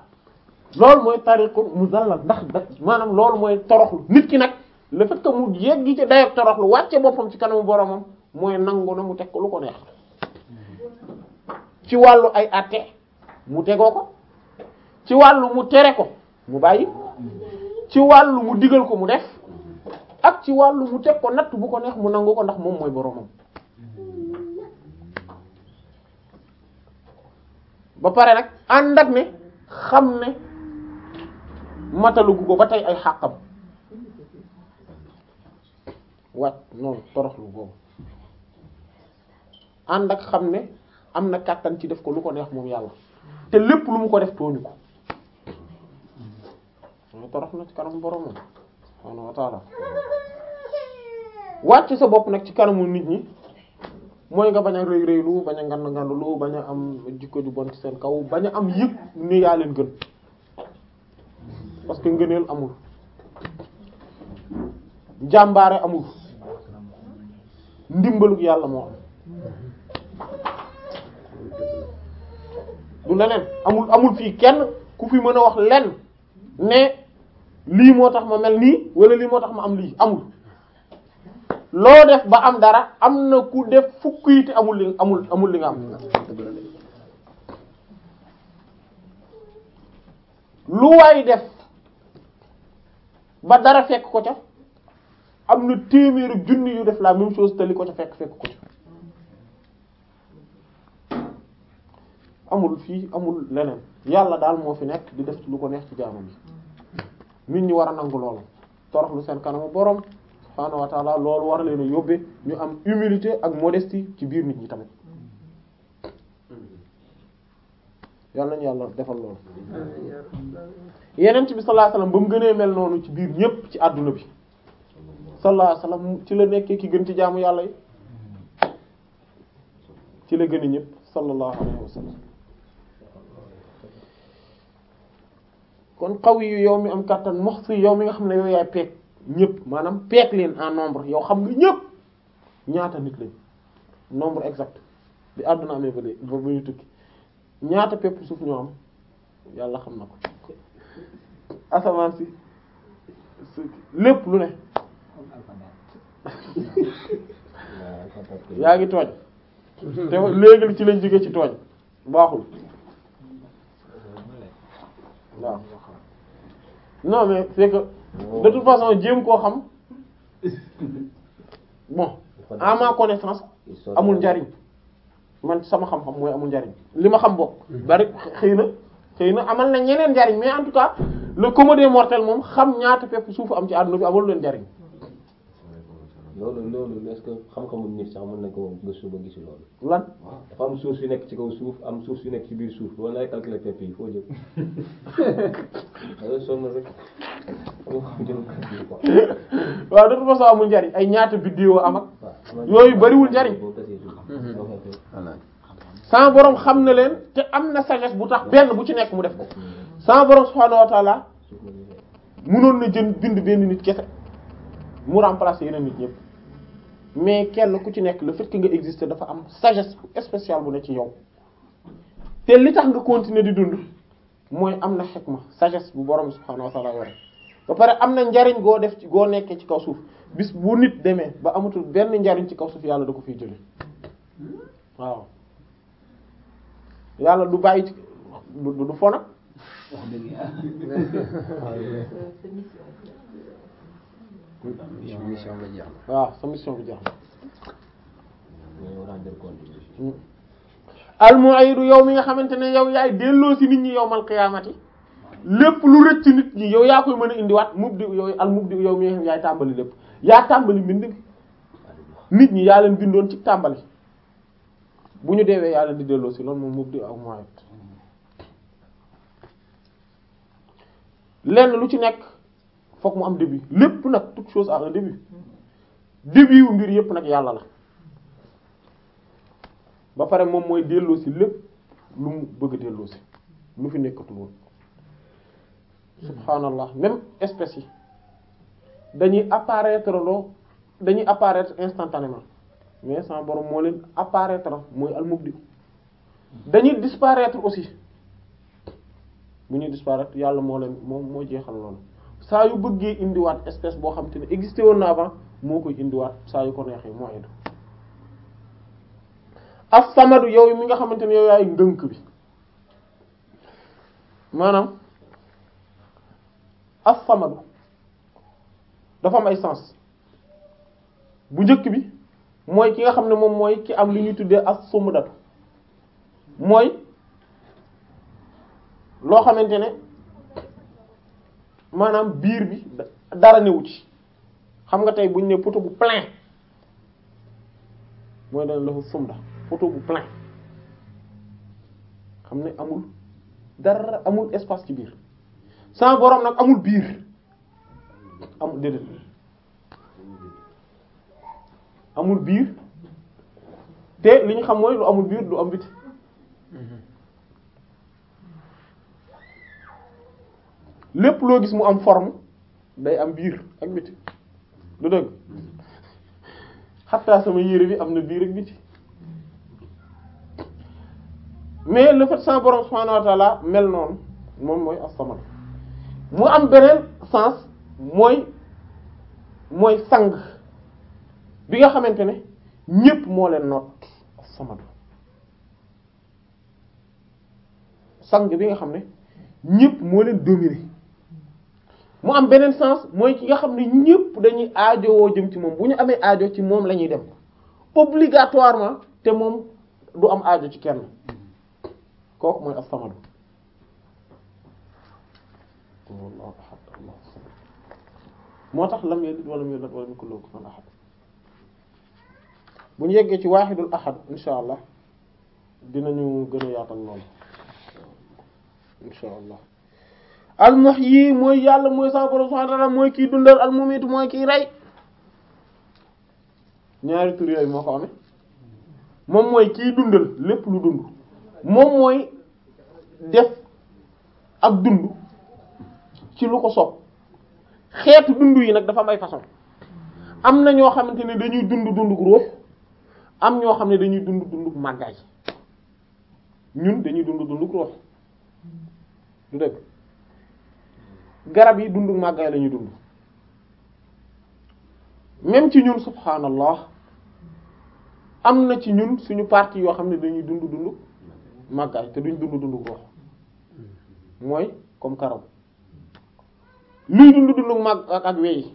loolu mooy mu muzallal ndax da maanaam loolu mooy toroxlu nit ki nag le fait que mu yegg ci dayoo toroxlu wàcce boppam ci kanamu boromam mooy nangu na mu teg ko lu ko neex ci wàllu ay àtte mu tegoo ko ci wàllu mu tere ko mu bàyyi ci wàllu mu digal ko mu def ak ci wàllu mu teg ko natt bu ko neex mu nangu ko ndax moom mooy boromam ba pare nag ànd ak ne xam ne matalugu ko ba tey ay xàqam wat noonu toroxlu boobu ànd ak xam ne am na kàttan ci def ko lu ko neex moom yàlla te lépp lu mu ko def tooñu ko mooy torox na ci kanam boromam subhanahu wa wàcc sa bopp nag ci kanamu nit ñi mooy nga bañ a rëy rëylu bañ a ngand ngandlu bañ a am jikko ju bon ci seen kaw bañ a am yëg ni yaa leen gën parce que ngëneel amul jàmbaare amul ndimbalug yàlla moo am du leneen amul amul fii kenn ku fi mën a wax lenn ne lii moo tax ma mel nii wala lii moo tax ma am lii amul loo def ba am dara am na ku def fukki amul li amul amul li nga am lu waay def ba dara fekk ko ca am na téeméeri junni yu def la même chose te ko ca fekk fekk ko ca amul fii amul leneen yàlla daal moo fi nekk di def lu ko neex ci jaamam yi nit ñu war a nangu loolu toroxlu seen kanamu borom subhaanahu wa taala loolu war leen yóbbee ñu am humilité ak modestie ci biir nit ñi tamit yàlla nañu yàlla defal loolu yeneen ci bi sallallahu alayhi ba mu gënee mel noonu ci biir ñépp ci àdduna bi sallallahu alayhi ci la nekkee ki gën ci jaamu yàlla yi ci la gën a ñépp sallallahu alayhi wasallam kon xaw yi yow mi am kàttan mox si yow mi nga xam ne yow yaay peeg ñëpp maanaam peeg leen en nombre yow xam nga ñëpp ñaata nit lañ nombre exact bi àdduna amee ba léegi ba muy tukki ñaata pepp suuf ñoo am yàlla xam na ko asamaan si lépp lu ne [laughs] yaa ngi tooñ te léegi ci lañ jóge ci tooñ baaxul waaw non mais de toute façon jéem koo xam bon à ma connaissance amul njariñ man sama xam-xam mooy amul njariñ li ma xam bokk mhm. bari xëy na xëy na amal na ñeneen njariñ mais en tout cas le commun des mortels moom xam ñaata pepp suufu am ci àdduna bi amul leen njariñ loolu loolu est-ce que xam-xamu sax mën na ko gëstu gis loolu. lan dafa am suuf yu nekk ci kaw suuf am suuf yu nekk ci biir suuf wala ay calculer pepp yi foo jëm. [laughs] waaw de toute façon amul njariñ ay ñaata biddéew am ak. yooyu bariwul njariñ. Mhm. sans borom xam na leen te am na sagesse bu tax benn bu ci nekk mu def ko mhm. sans borom subhaanahu wa taala mënoon jën bind benn nit kese. mu remplacer yeneen nit ñëpp mais kenn ku ci nekk le fait que nga exister dafa am sagesse spéciale bu ne ci yow te li tax nga continuer di dund mooy am na ma sagesse bu borom subhaanahu wa ta'ala ba pare am na njariñ goo def goo nekkee ci kaw suuf bis bu nit demee ba amatul benn njariñ ci kaw suuf yàlla da ko fi jële waaw yàlla du bàyyi ci du du [laughs] mission bi jeex na waaw sa mission bi jeex na al mu'idu yow mi nga xamante ne yow yaay delloo si nit ñi yowmal qiyaamati lépp lu rëcc nit ñi yow yaa koy mën a indiwaat mubdi yow al mubdi yow mi nga xam yaay tàmbali lépp yaa tàmbali mbind nit ñi yaa leen bindoon ci tàmbali bu ñu deewee yaa leen di delloo si loolu moom mubdi ak mu'id lenn lu ci nekk fokk mu am début lépp nag toute chose a un début début yu mbir yépp nag yàlla la ba pare moom mooy delloosi lépp lu mu bëgg si lu fi nekkatul woon subhaanallah même espèce yi dañuy apparaître loo dañuy apparaître instantanément mais sans borom moo leen apparaître mooy almubdi dañuy disparaître aussi mu ñuy disparaître yàlla moo leen moom moo jeexal loolu saa yu bëggee indiwaat espèce boo xam te ne existé woon na avant moo koy indiwaat saa yu ko neexee moo indi as-samadu yow mi nga xamante ne yow yaay ngënk bi maanaam as-samadu dafa am ay sens bu njëkk bi mooy ki nga xam ne moom mooy ki am li ñuy tuddee as-sumdatu mooy loo xamante ne maanaam biir bi dara newu ci xam nga tey buñ ne poto bu plein mooy dana lafu sumda poto bu plein xam ne amul dara amul espace ci biir sans borom nag amul biir amul biir te li ñu xam mooy lu amul biir du am biti lépp loo gis mu am forme day am biir ak biti du dëgg xataa sama yére bi am na biir ak biti mais le fait sans borom subhanahu wa mel noonu moom mooy as-samad mu am beneen sens mooy mooy sang bi nga xamante ne ñépp moo leen noot as-samad sang bi nga xam ne ñépp moo leen dominer mu am beneen sens mooy ki nga xam ne ñëpp dañuy aajowoo jëm ci moom bu ñu amee aajo ci moom la ñuy dem obligatoirement te moom du am aajo ci kenn ko mooy as-samad moo tax lam yalid wa lam yulad wa lam yakul lahu kufuwan ahad bu ñu yeggee ci waahidul ahad insha allah dinañu gën a yaatal loolu insha allah al yii mooy yàlla mooy sa borom mooy kii dundal al-mumiit mooy kiy rey ñaari tur yooyu moo ko amee moom mooy kiy dundal lépp lu dund moom mooy def ak dund ci lu ko sopp xeetu dund yi nag dafa may ay façon am na ñoo xamante ne dañuy dund dund gu ruux am ñoo xam ne dañuy dund dund màggaay ñun dañuy dund dund gu ruux du dëgg garab yi dundu màggaay lañuy dund même ci ñun subhaanallah am na ci ñun suñu parti yoo xam ne dañuy dund dund màggaay te duñ dund dund gox mooy comme karaw luy dund dund màgg ak we wey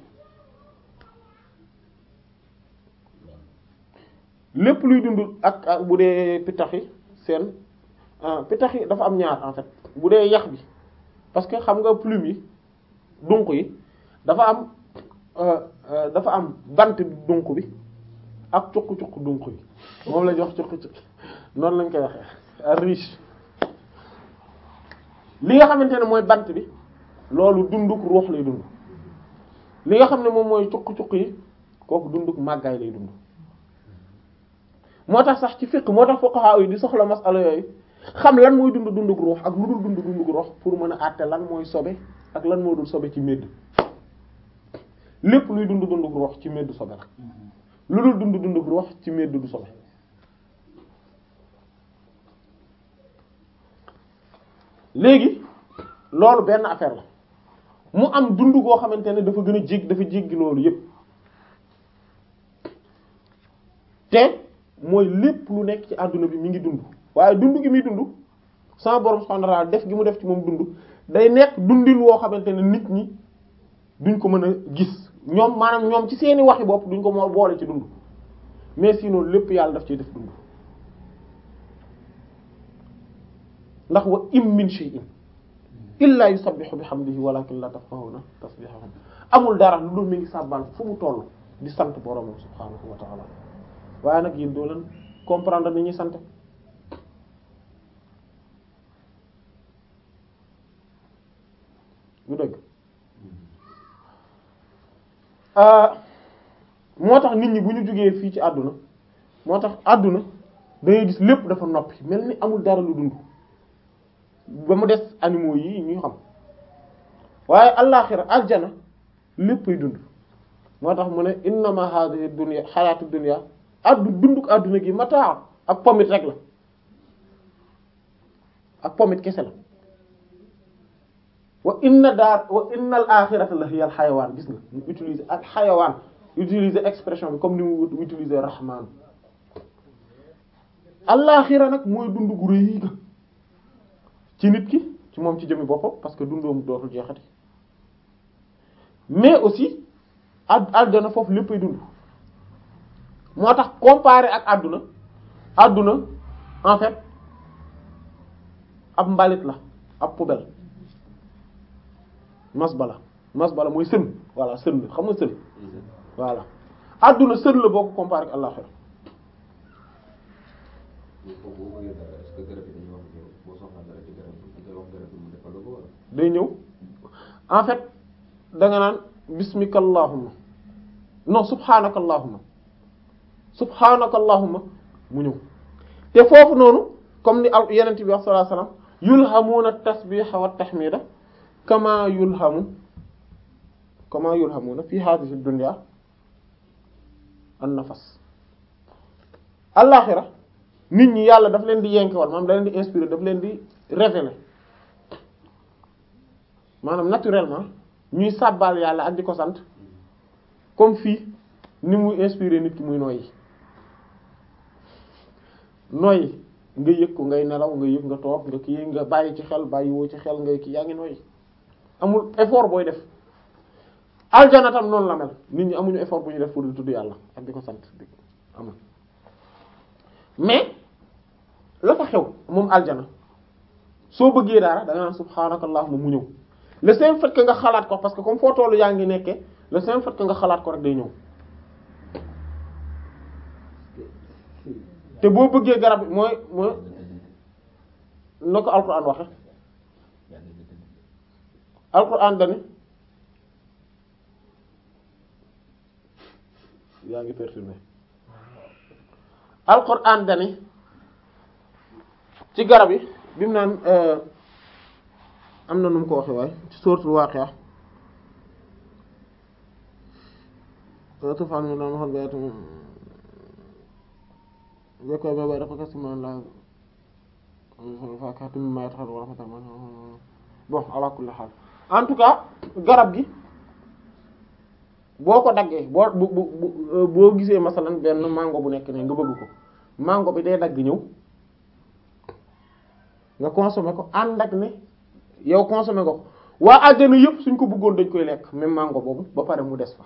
lépp luy dund ak bu dee pitax yi seen ah, pitax yi dafa am ñaar en bu dee yax bi parce que xam nga plume yi dunq yi dafa am euh, euh, dafa am bant dunq bi ak cuq-cuq dunq yi moom la jox cuq-cuq noonu lañ koy waxee riche li nga xamante ne mooy bant bi loolu dunduk ruux lay dund li nga xam ne moom mooy cuq-cuq yi kooku dunduk màggaay lay dund moo tax sax ci fiqh moo tax fuqaha yi di soxla masala yooyu xam lan mooy dund dunduk ruux ak lu dul dund dunduk ruux pour mën a àtte lan mooy sobe ak lan moo dul sobe ci medd lépp luy dund dund rox ci medd sobe la lu dul dund dund rox ci medd du sobe léegi loolu benn affaire la mu am dund goo xamante ne dafa gën a jég dafa jéggi loolu yépp te mooy lépp lu nekk ci àdduna bi mi ngi dund waaye dund gi muy dund sama borom subhanahu wa def gi mu def ci moom dund day nekk dundin woo xamante ne nit ñi duñ ko mën a gis ñoom maanaam ñoom ci seeni waxi bopp duñ ko moo boole ci dund mais sinon lépp yàlla daf ciy def dund ndax wa im min shay'in illa yusabbihu bihamdihi walakin la tafqahuna tasbihahum amul dara lu dul mi ngi sàbbal fu mu toll di sant boromam subhanahu wa ta'ala waaye nag yéen doo leen comprendre ni ñuy sant lu dëgg ah, moo tax nit ñi bu ñu jógee fii ci àdduna moo tax àdduna da gis lépp dafa noppi mel ni amul dara lu dund ba mu des animaux yi ñuy xam waaye allaaxira aljana léppay dund moo tax mu ne innama hadhihi dunya hayatu dunya addu dunduk àdduna gi mataa ak pomit rek la ak pomit kese la wa inna daar wa inna al la hiya al xayawaan gis nga mu ak xayawaan utiliser expression bi comme ni mu utiliser rahmaan nag mooy dund gu rëy ga ci nit ki ci moom ci jëmi boppam parce que dundoom dootul jeexati mais aussi ad àdduna foofu léppay dund moo tax comparé ak àdduna àdduna en fait ab mbalit la ab poubelle bala masbala bala mooy sën voilà sën la xam nga sën mm-hmm. voilà adduna sën la boo ko comparé ak day ñëw en fait danga naan bismika allahumma non subhanaka allahumma subhanaka allahumma mu ñëw te foofu noonu comme ni al yenent bi wax sallallahu alayhi wasallam yulhamuna tasbiha wa tahmida yul kama yulhamu kama yulhamuna fi hadhihi dunya an nafas àllaxira nit ñi yàlla daf leen di yenkewal maanaam da leen di inspirer daf leen di révéler maanaam naturellement ñuy sàbbaal yàlla ak di ko sant comme fii ni muy inspirer nit ki muy nooyi nooyi nga yëg ko ngay nelaw nga yëg nga toog nga kii nga bàyyi ci xel bàyyi woo ci xel ngay kii yaa ngi nooyi amul effort booy def aljana tam noonu la mel nit ñi amuñu effort bu ñu def pour di tudd yàlla ak di ko sant di amul mais la fa xew moom aljana soo bëggee dara da nga naan subhaanakallahumma mu ñëw le simple fekk nga xalaat ko parce que comme foo tollu yaa ngi nekke le simple fait nga xalaat ko rek day ñëw te boo bëggee garab mooy mooy na ko alxuraan waxe alquran dani yaa ngi perturbé alquran dani ci garab yi bi mu naan euh, am na nu mu ko waxe waaye ci suratul waqi'a tufaan mi daan xol ba yaatu jokkoy ba bay dafa kasi man laa fakkatim mayet xel wala fa taman bon ala kulli xaal en tout cas garab gi boo ko daggee boo bu bu euh, boo gisee masalan benn mango bu nekk ne nga bëgg ko mango bi day dagg ñëw nga consommer ko ànd ak ne yow consommer ko waa àjjana yëpp suñ ko bëggoon dañ koy nekk même mango boobu ba pare mu des fa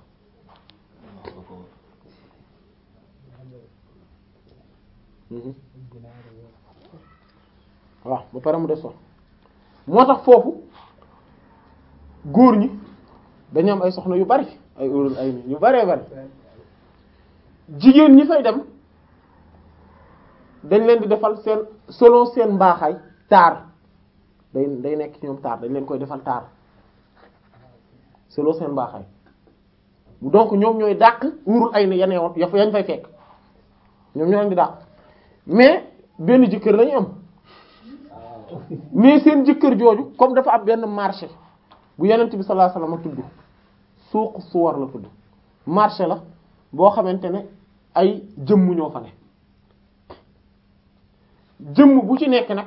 mhm. waaw ba pare mu des fa moo tax foofu góor ñi dañu am ay soxna yu bari ay ulul ay yu baree bari jigéen ñi fay dem dañ leen di defal seen solo seen mbaaxaay taar day day nekk ci ñoom taar dañ leen koy defal taar selon seen mbaaxaay donc ñoom ñooy dàq urul ay ne yaneewoon ya yañ fay fekk ñoom ñoo leen di dàq mais benn jëkkër lañu am ah. mais seen jëkkër jooju comme dafa am benn marché bu yonent bi sallallahu alayhi wasallam tudd suuq suwar la tudd marché la boo xamante ne ay jëmm ñoo fa ne jëmm bu ci nekk nag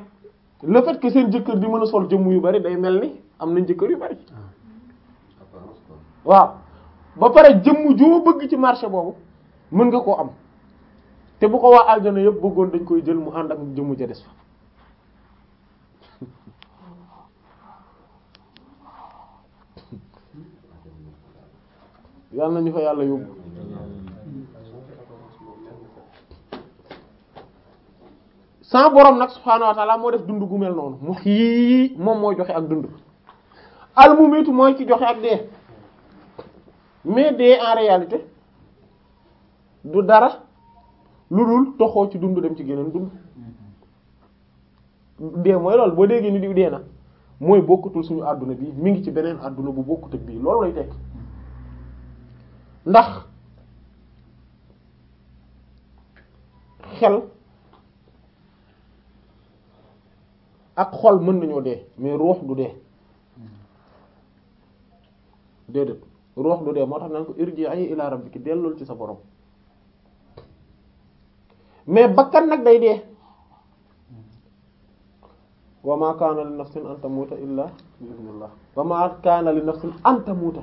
le fait seen jëkkër di mën a sol jëmm yu bari day mel ni am nañ jëkkër yu bari waaw ba pare jëmm joo bëgg ci marché boobu mën nga koo am te bu ko waa aljana yëpp bëggoon dañ koy jël mu ànd ak jëmm ja des fa yàlla nañu fa yàlla yóbbu sans borom nag subhaanahu moo def dund gu mel noonu mu yii moom mooy joxe ak dund almumitu mooy ci joxe ak dee mais dee en réalité du dara lu dul toxoo ci dund dem ci geneen dund dee mooy loolu boo déggee ni diw dee na mooy bokkatul suñu àdduna bi mi ngi ci beneen àdduna bu bokkut bii loolu lay tekk ndax xel ak xol mën nañoo dee mais ruux du dee déedéet ruux du dee moo tax naan ko irji'i ila rabbiki dellool ci sa borom mais bakkan nag day dee wa ma kaana li nafsin an tamuuta illa bi idnillah wa ma kaana li nafsin an tamuuta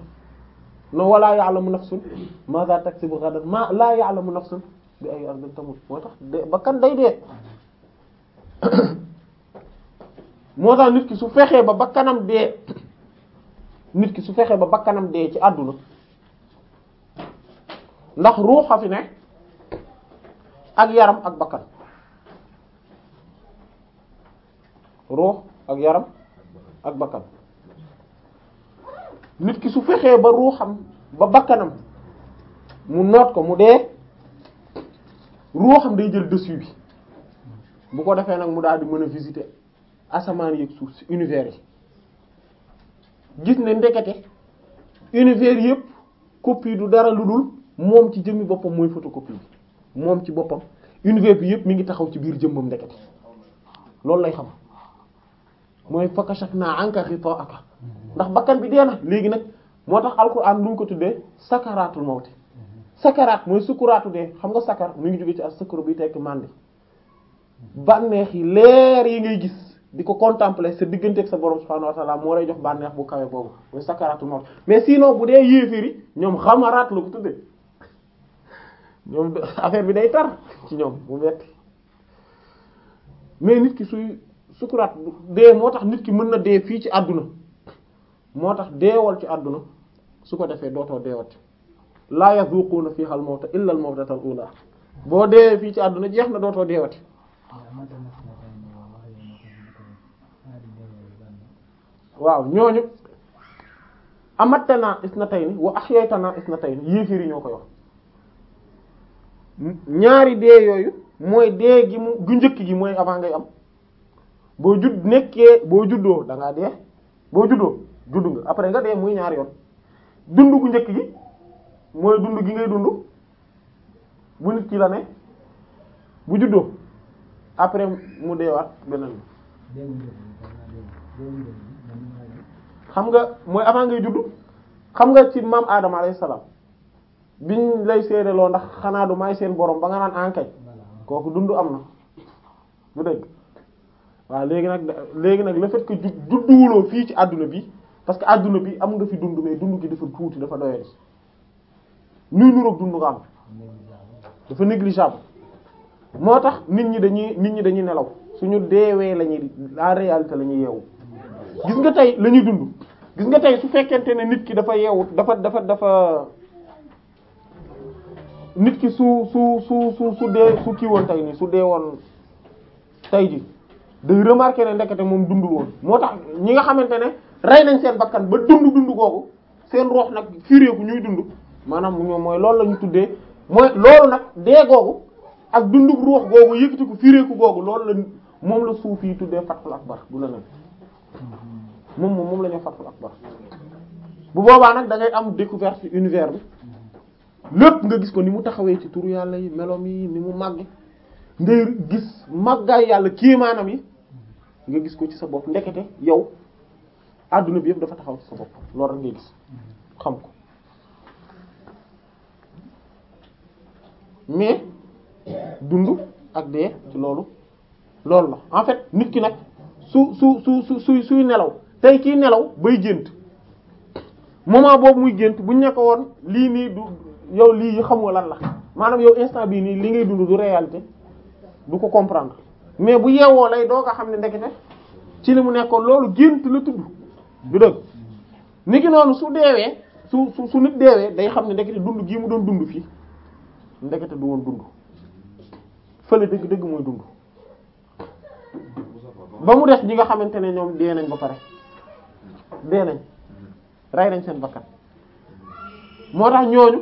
la walaa ya'lamu nafsun ma za taksibu ghadan ma laa ya'lamu nafsun bi ay ardin tamut moo tax bakkan day dee [coughs] moo tax nit ki su fexee ba bakkanam dee [coughs] nit ki su fexee ba bakkanam dee ci àdduna ndax ruuxa fi ak yaram ak bakkan ruux ak yaram ak bakkan nit ki su fexee ba ruuxam ba bakkanam mu noot ko mu dee ruuxam day jël dessus bi bu ko defee nag mu daal di mën a visiter asamaan yeeg suuf si univers yi gis ne ndekete univers yëpp copie du dara lu dul moom ci jëmmi boppam mooy photocopie bi moom ci boppam univers bi yëpp mi ngi taxaw ci biir jëmmam ndekete loolu lay xam mooy fakashak naa anka ghita'aka ndax bakkan bi dee na léegi nag moo tax alquran lu ñu ko tuddee sakaraatul mawti sakaraat mooy sukuraatu de xam nga sakar mu ngi jóge ci ak as sukkur bi tekk màndi bànneex yi leer yi ngay gis di ko contempler sa digganteeg sa borom subhanahu wa moo lay jox bànneex bu kawe boobu mooy sakaraatul mawti mais sinon bu dee yéefiri ñoom xamaraat la ko tuddee ñoom affaire bi day tar ci ñoom bu metti mais nit ki sukuraat dee moo tax nit ki mën na dee fii ci àdduna moo tax deewal ci àdduna su ko defee dootoo deewat laa yazuquuna fiha al mawta illa al mawtata al ula boo dee fii ci àdduna jeex na dootoo deewat waaw ñooñu amattanaa isnatayni wa ahyaytanaa isnatayni yéeféer yi ñoo ko wax ñaari dee yooyu mooy dee gi gu njëkk gi mooy avant ngay am boo judd nekkee boo juddoo dangaa ngaa dee boo juddoo judd nga après nga dee muy ñaar yoon dund gu njëkk gi mooy dund gi ngay dund bu nit ki la ne bu juddoo après mu deewaat beneen bi xam nga mooy avant ngay judd xam nga ci maam Adama alayhi salaam biñ lay seedeloo ndax xanaa du may seen borom ba nga naan enquête kooku dund am na du dégg waa léegi nag léegi nag le fait que judduwuloo fii ci àdduna bi parce que àdduna bi am nga fi dund mais dund gi dafa tuuti dafa doyadi nuy nuroog dund dafa négligeable moo tax nit ñi dañuy nit ñi dañuy nelaw suñu deewee la ñuy la ñuy yeewu gis nga tey la ñuy dund gis nga tey su fekkente ne nit ki dafa yeewu dafa dafa dafa nit ki su su su su su dee su kii tey nii su dee woon tey ji day remarquer ne ndekete moom dund woon moo tax ñi nga xamante ne rey nañ seen bakkan ba dund dund googu seen roox nag firéeku ñuy dund maanaam mu ñoom mooy loolu lañu tuddee mooy loolu nag dee googu ak dundu roox googu yëkkatiku firéeku googu loolu la moom la suuf yi tuddee fatul akbar du la nag moom moom moom la ñu fatul akbar bu boobaa nag dangay ngay am découverte univers bi lépp nga gis ko ni mu taxawee ci turu yàlla yi meloom yi ni mu màgg ngay gis yàlla kéemaanam yi nga gis ko ci sa bopp ndekete yow adduna bi yëpp dafa taxaw sa bopp loolu rek gis xam ko mais dund ak dee ci loolu loolu la en fait nit ki nag su su su su suy suy nelaw tey kii nelaw bay gént moment boobu muy gént buñ nekk woon lii nii du yow lii yi xam nga lan la maanaam yow instant bii nii li ngay dund du réalité du ko comprendre mais bu yewoo lay doo nga xam ne ndekete ci li mu nekkoon loolu gént la tudd du dëgg niki noonu su deewee su su nit deewee day xam ne ndekete dund gii mu doon dund fii ndekete du woon dund fële dëgg dëgg mooy dund ba mu des ñi nga xamante ne ñoom dee nañ ba pare dee nañ rey nañ seen bakkan moo tax ñooñu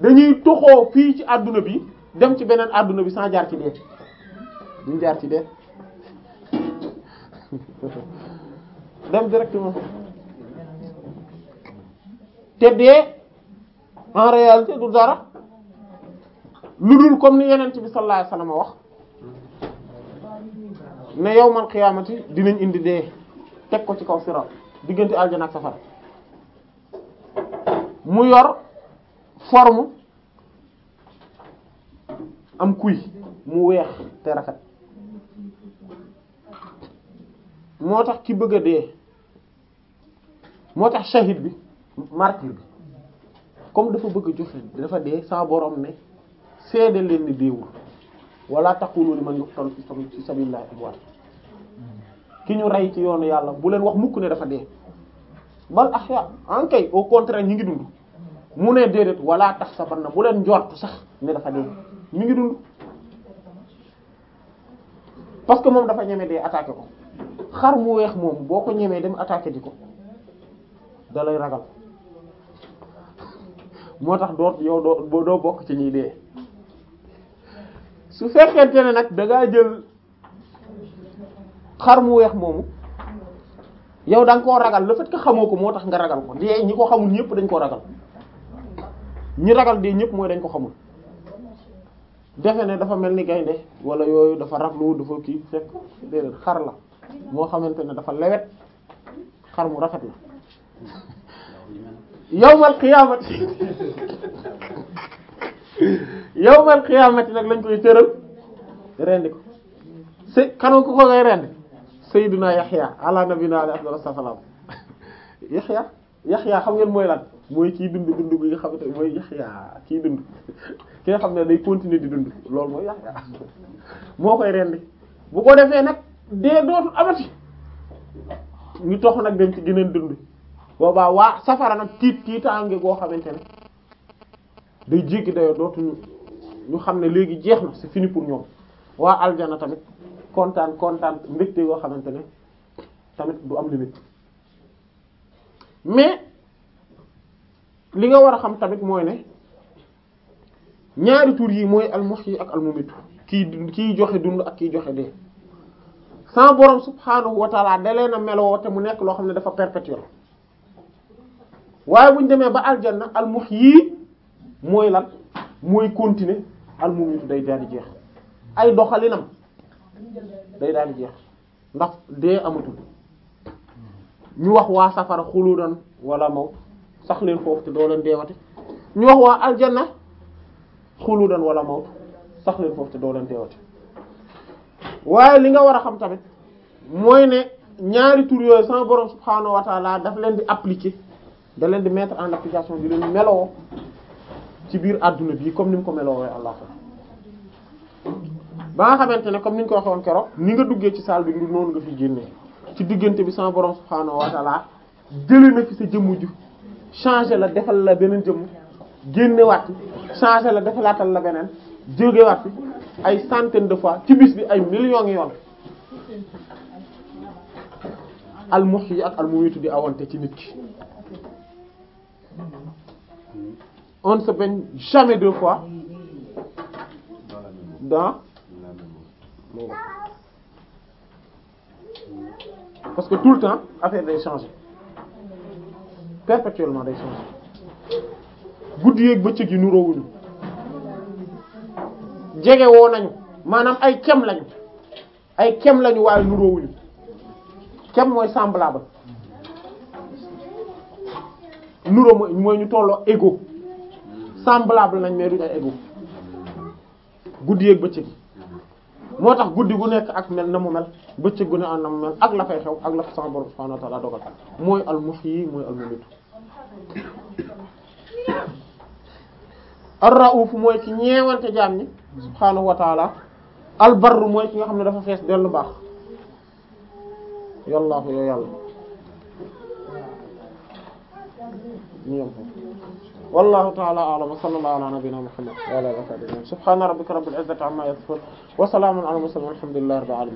dañuy toxoo fii ci àdduna bi dem ci beneen àdduna bi sans jaar ci dee duñ jaar ci dee dem directement te dee en réalité du dara lu dul comme ni yeneen bi sallallahu alayhi wasallam wax ne yawmal qiyaamati dinañ indi dee teg ko ci kaw sirat diggante aljana ak safara mu yor forme am kuy mu weex te rafet moo tax ki bëgg a dee moo tax shahid bi martyr bi comme dafa bëgg a joxe dafa dee sa borom ne seede leen ni deewul tax taqulu liman yuqtalu fi sabilillahi amwaat ki ñu rey ci yoonu yàlla bu leen wax mukk ne dafa dee bal ahya en kay au contraire ñi ngi dund mu ne déedéet wala tax sa banna bu leen njort sax ne dafa dee ñu ngi dund parce que moom dafa ñeme dee attaqué ko xar mu weex moom boo ko ñemee dem attaqué di ko dalay ragal moo tax doot yow doo doo bokk ci ñuy dee su fekkente ne nag dangaa jël xar mu weex moomu yow da nga ragal la fait que xamoo ko moo tax nga ragal ko dee ñi ko xamul ñëpp dañ ko ragal ñi ragal dee ñëpp mooy dañ ko xamul defe ne dafa mel ni gaynde wala yooyu dafa raglu dafa kii fekk déedéet xar la moo xamante ne dafa lewet xar mu rafet la [laughs] yawmal qiyaamati yawmal qiyaamati nag lañ koy cëral rendi ko së xanoo ku ko ngay rendi sayyiduna Yaxya ala nabina alayhi afdalu salaam [laughs] Yaxya Yaxya xam ngeen mooy lan mooy kii dund dund gi nga xamante mooy Yaxya kii dund [laughs] ki nga xam ne day continuer di dund lool mooy Yaxya moo koy rendi bu ko defee nag dee dootul amati ngi tox nag dem ci geneen dund boobaa waa safara nag tiit tiitaange goo xamante ne day jéggi dayoo dootuñu ñu xam ne léegi jeex na c'est fini pour ñoom waa aljana tamit kontaan kontaan mbégte goo xamante ne tamit du am limite mais li nga war a xam tamit mooy ne ñaari tur yii mooy almuhyi ak almumitu kii kiy joxe dund ak kii joxe dee sama borom subhaanahu wa taala da leen a meloo te mu nekk loo xam ne dafa perpétuel waaye bu ñu demee ba aljanna al muhyi mooy lan mooy continuer al mumitu day daal di jeex ay doxalinam day daal di jeex ndax dee amatul ñu wax waa safara xuludan wala maw sax leen foofu te doo leen deewati ñu wax waa aljanna xuludan wala maw sax leen foofu te doo leen deewati waaye li nga war a xam tamit mooy ne ñaari tur yooyu sama borom subhaanahu wa taala daf leen di appliquer da leen di mettre en application bi leen meloo ci biir adduna bi comme ni mu ko meloo waaye Allah ba nga xamante ne comme ni ñu ko waxee woon keroog ni nga duggee ci saal bi lu noonu nga fi génnee ci diggante bi sama borom subhaanahu wa taala jëlee na sa jëmm ju changé la defal la beneen jëmm génnewaat changé la defalaatal la beneen jógewaat fi ay centaines de fois ci bis bi ay millions yoon al muhyi ak al mumitu di awante ci nit ki on se baigne jamais deux fois dans parce que tout le temps affaire day changé perpétuellement day changer guddi yeeg bëccëg yi nuroowuñu jegewoo woo nañu maanaam ay kem lañu ay kem lañu waaye nuroowuñu kem mooy semblable nuroo mooy ñu tolloo égaux semblable nañ mais duñ ay égaux guddi ak bëccëg moo tax guddi gu nekk ak mel na mu mel bëccëg gu ne am na mu mel ak la fay xew ak la fa sama borom dogal mooy al muhyi mooy al mumitu ar-rauf mooy ci ñeewante jaam ñi subhaanahu wa taala albarru mooy ci nga xam ne dafa fees dellu baax yallaahu yow yàlla ñu yem wallahu ta'ala a'lam wa sallallahu ala muhammad wa ala alihi wa wa salamun ala al mursalin walhamdulillahi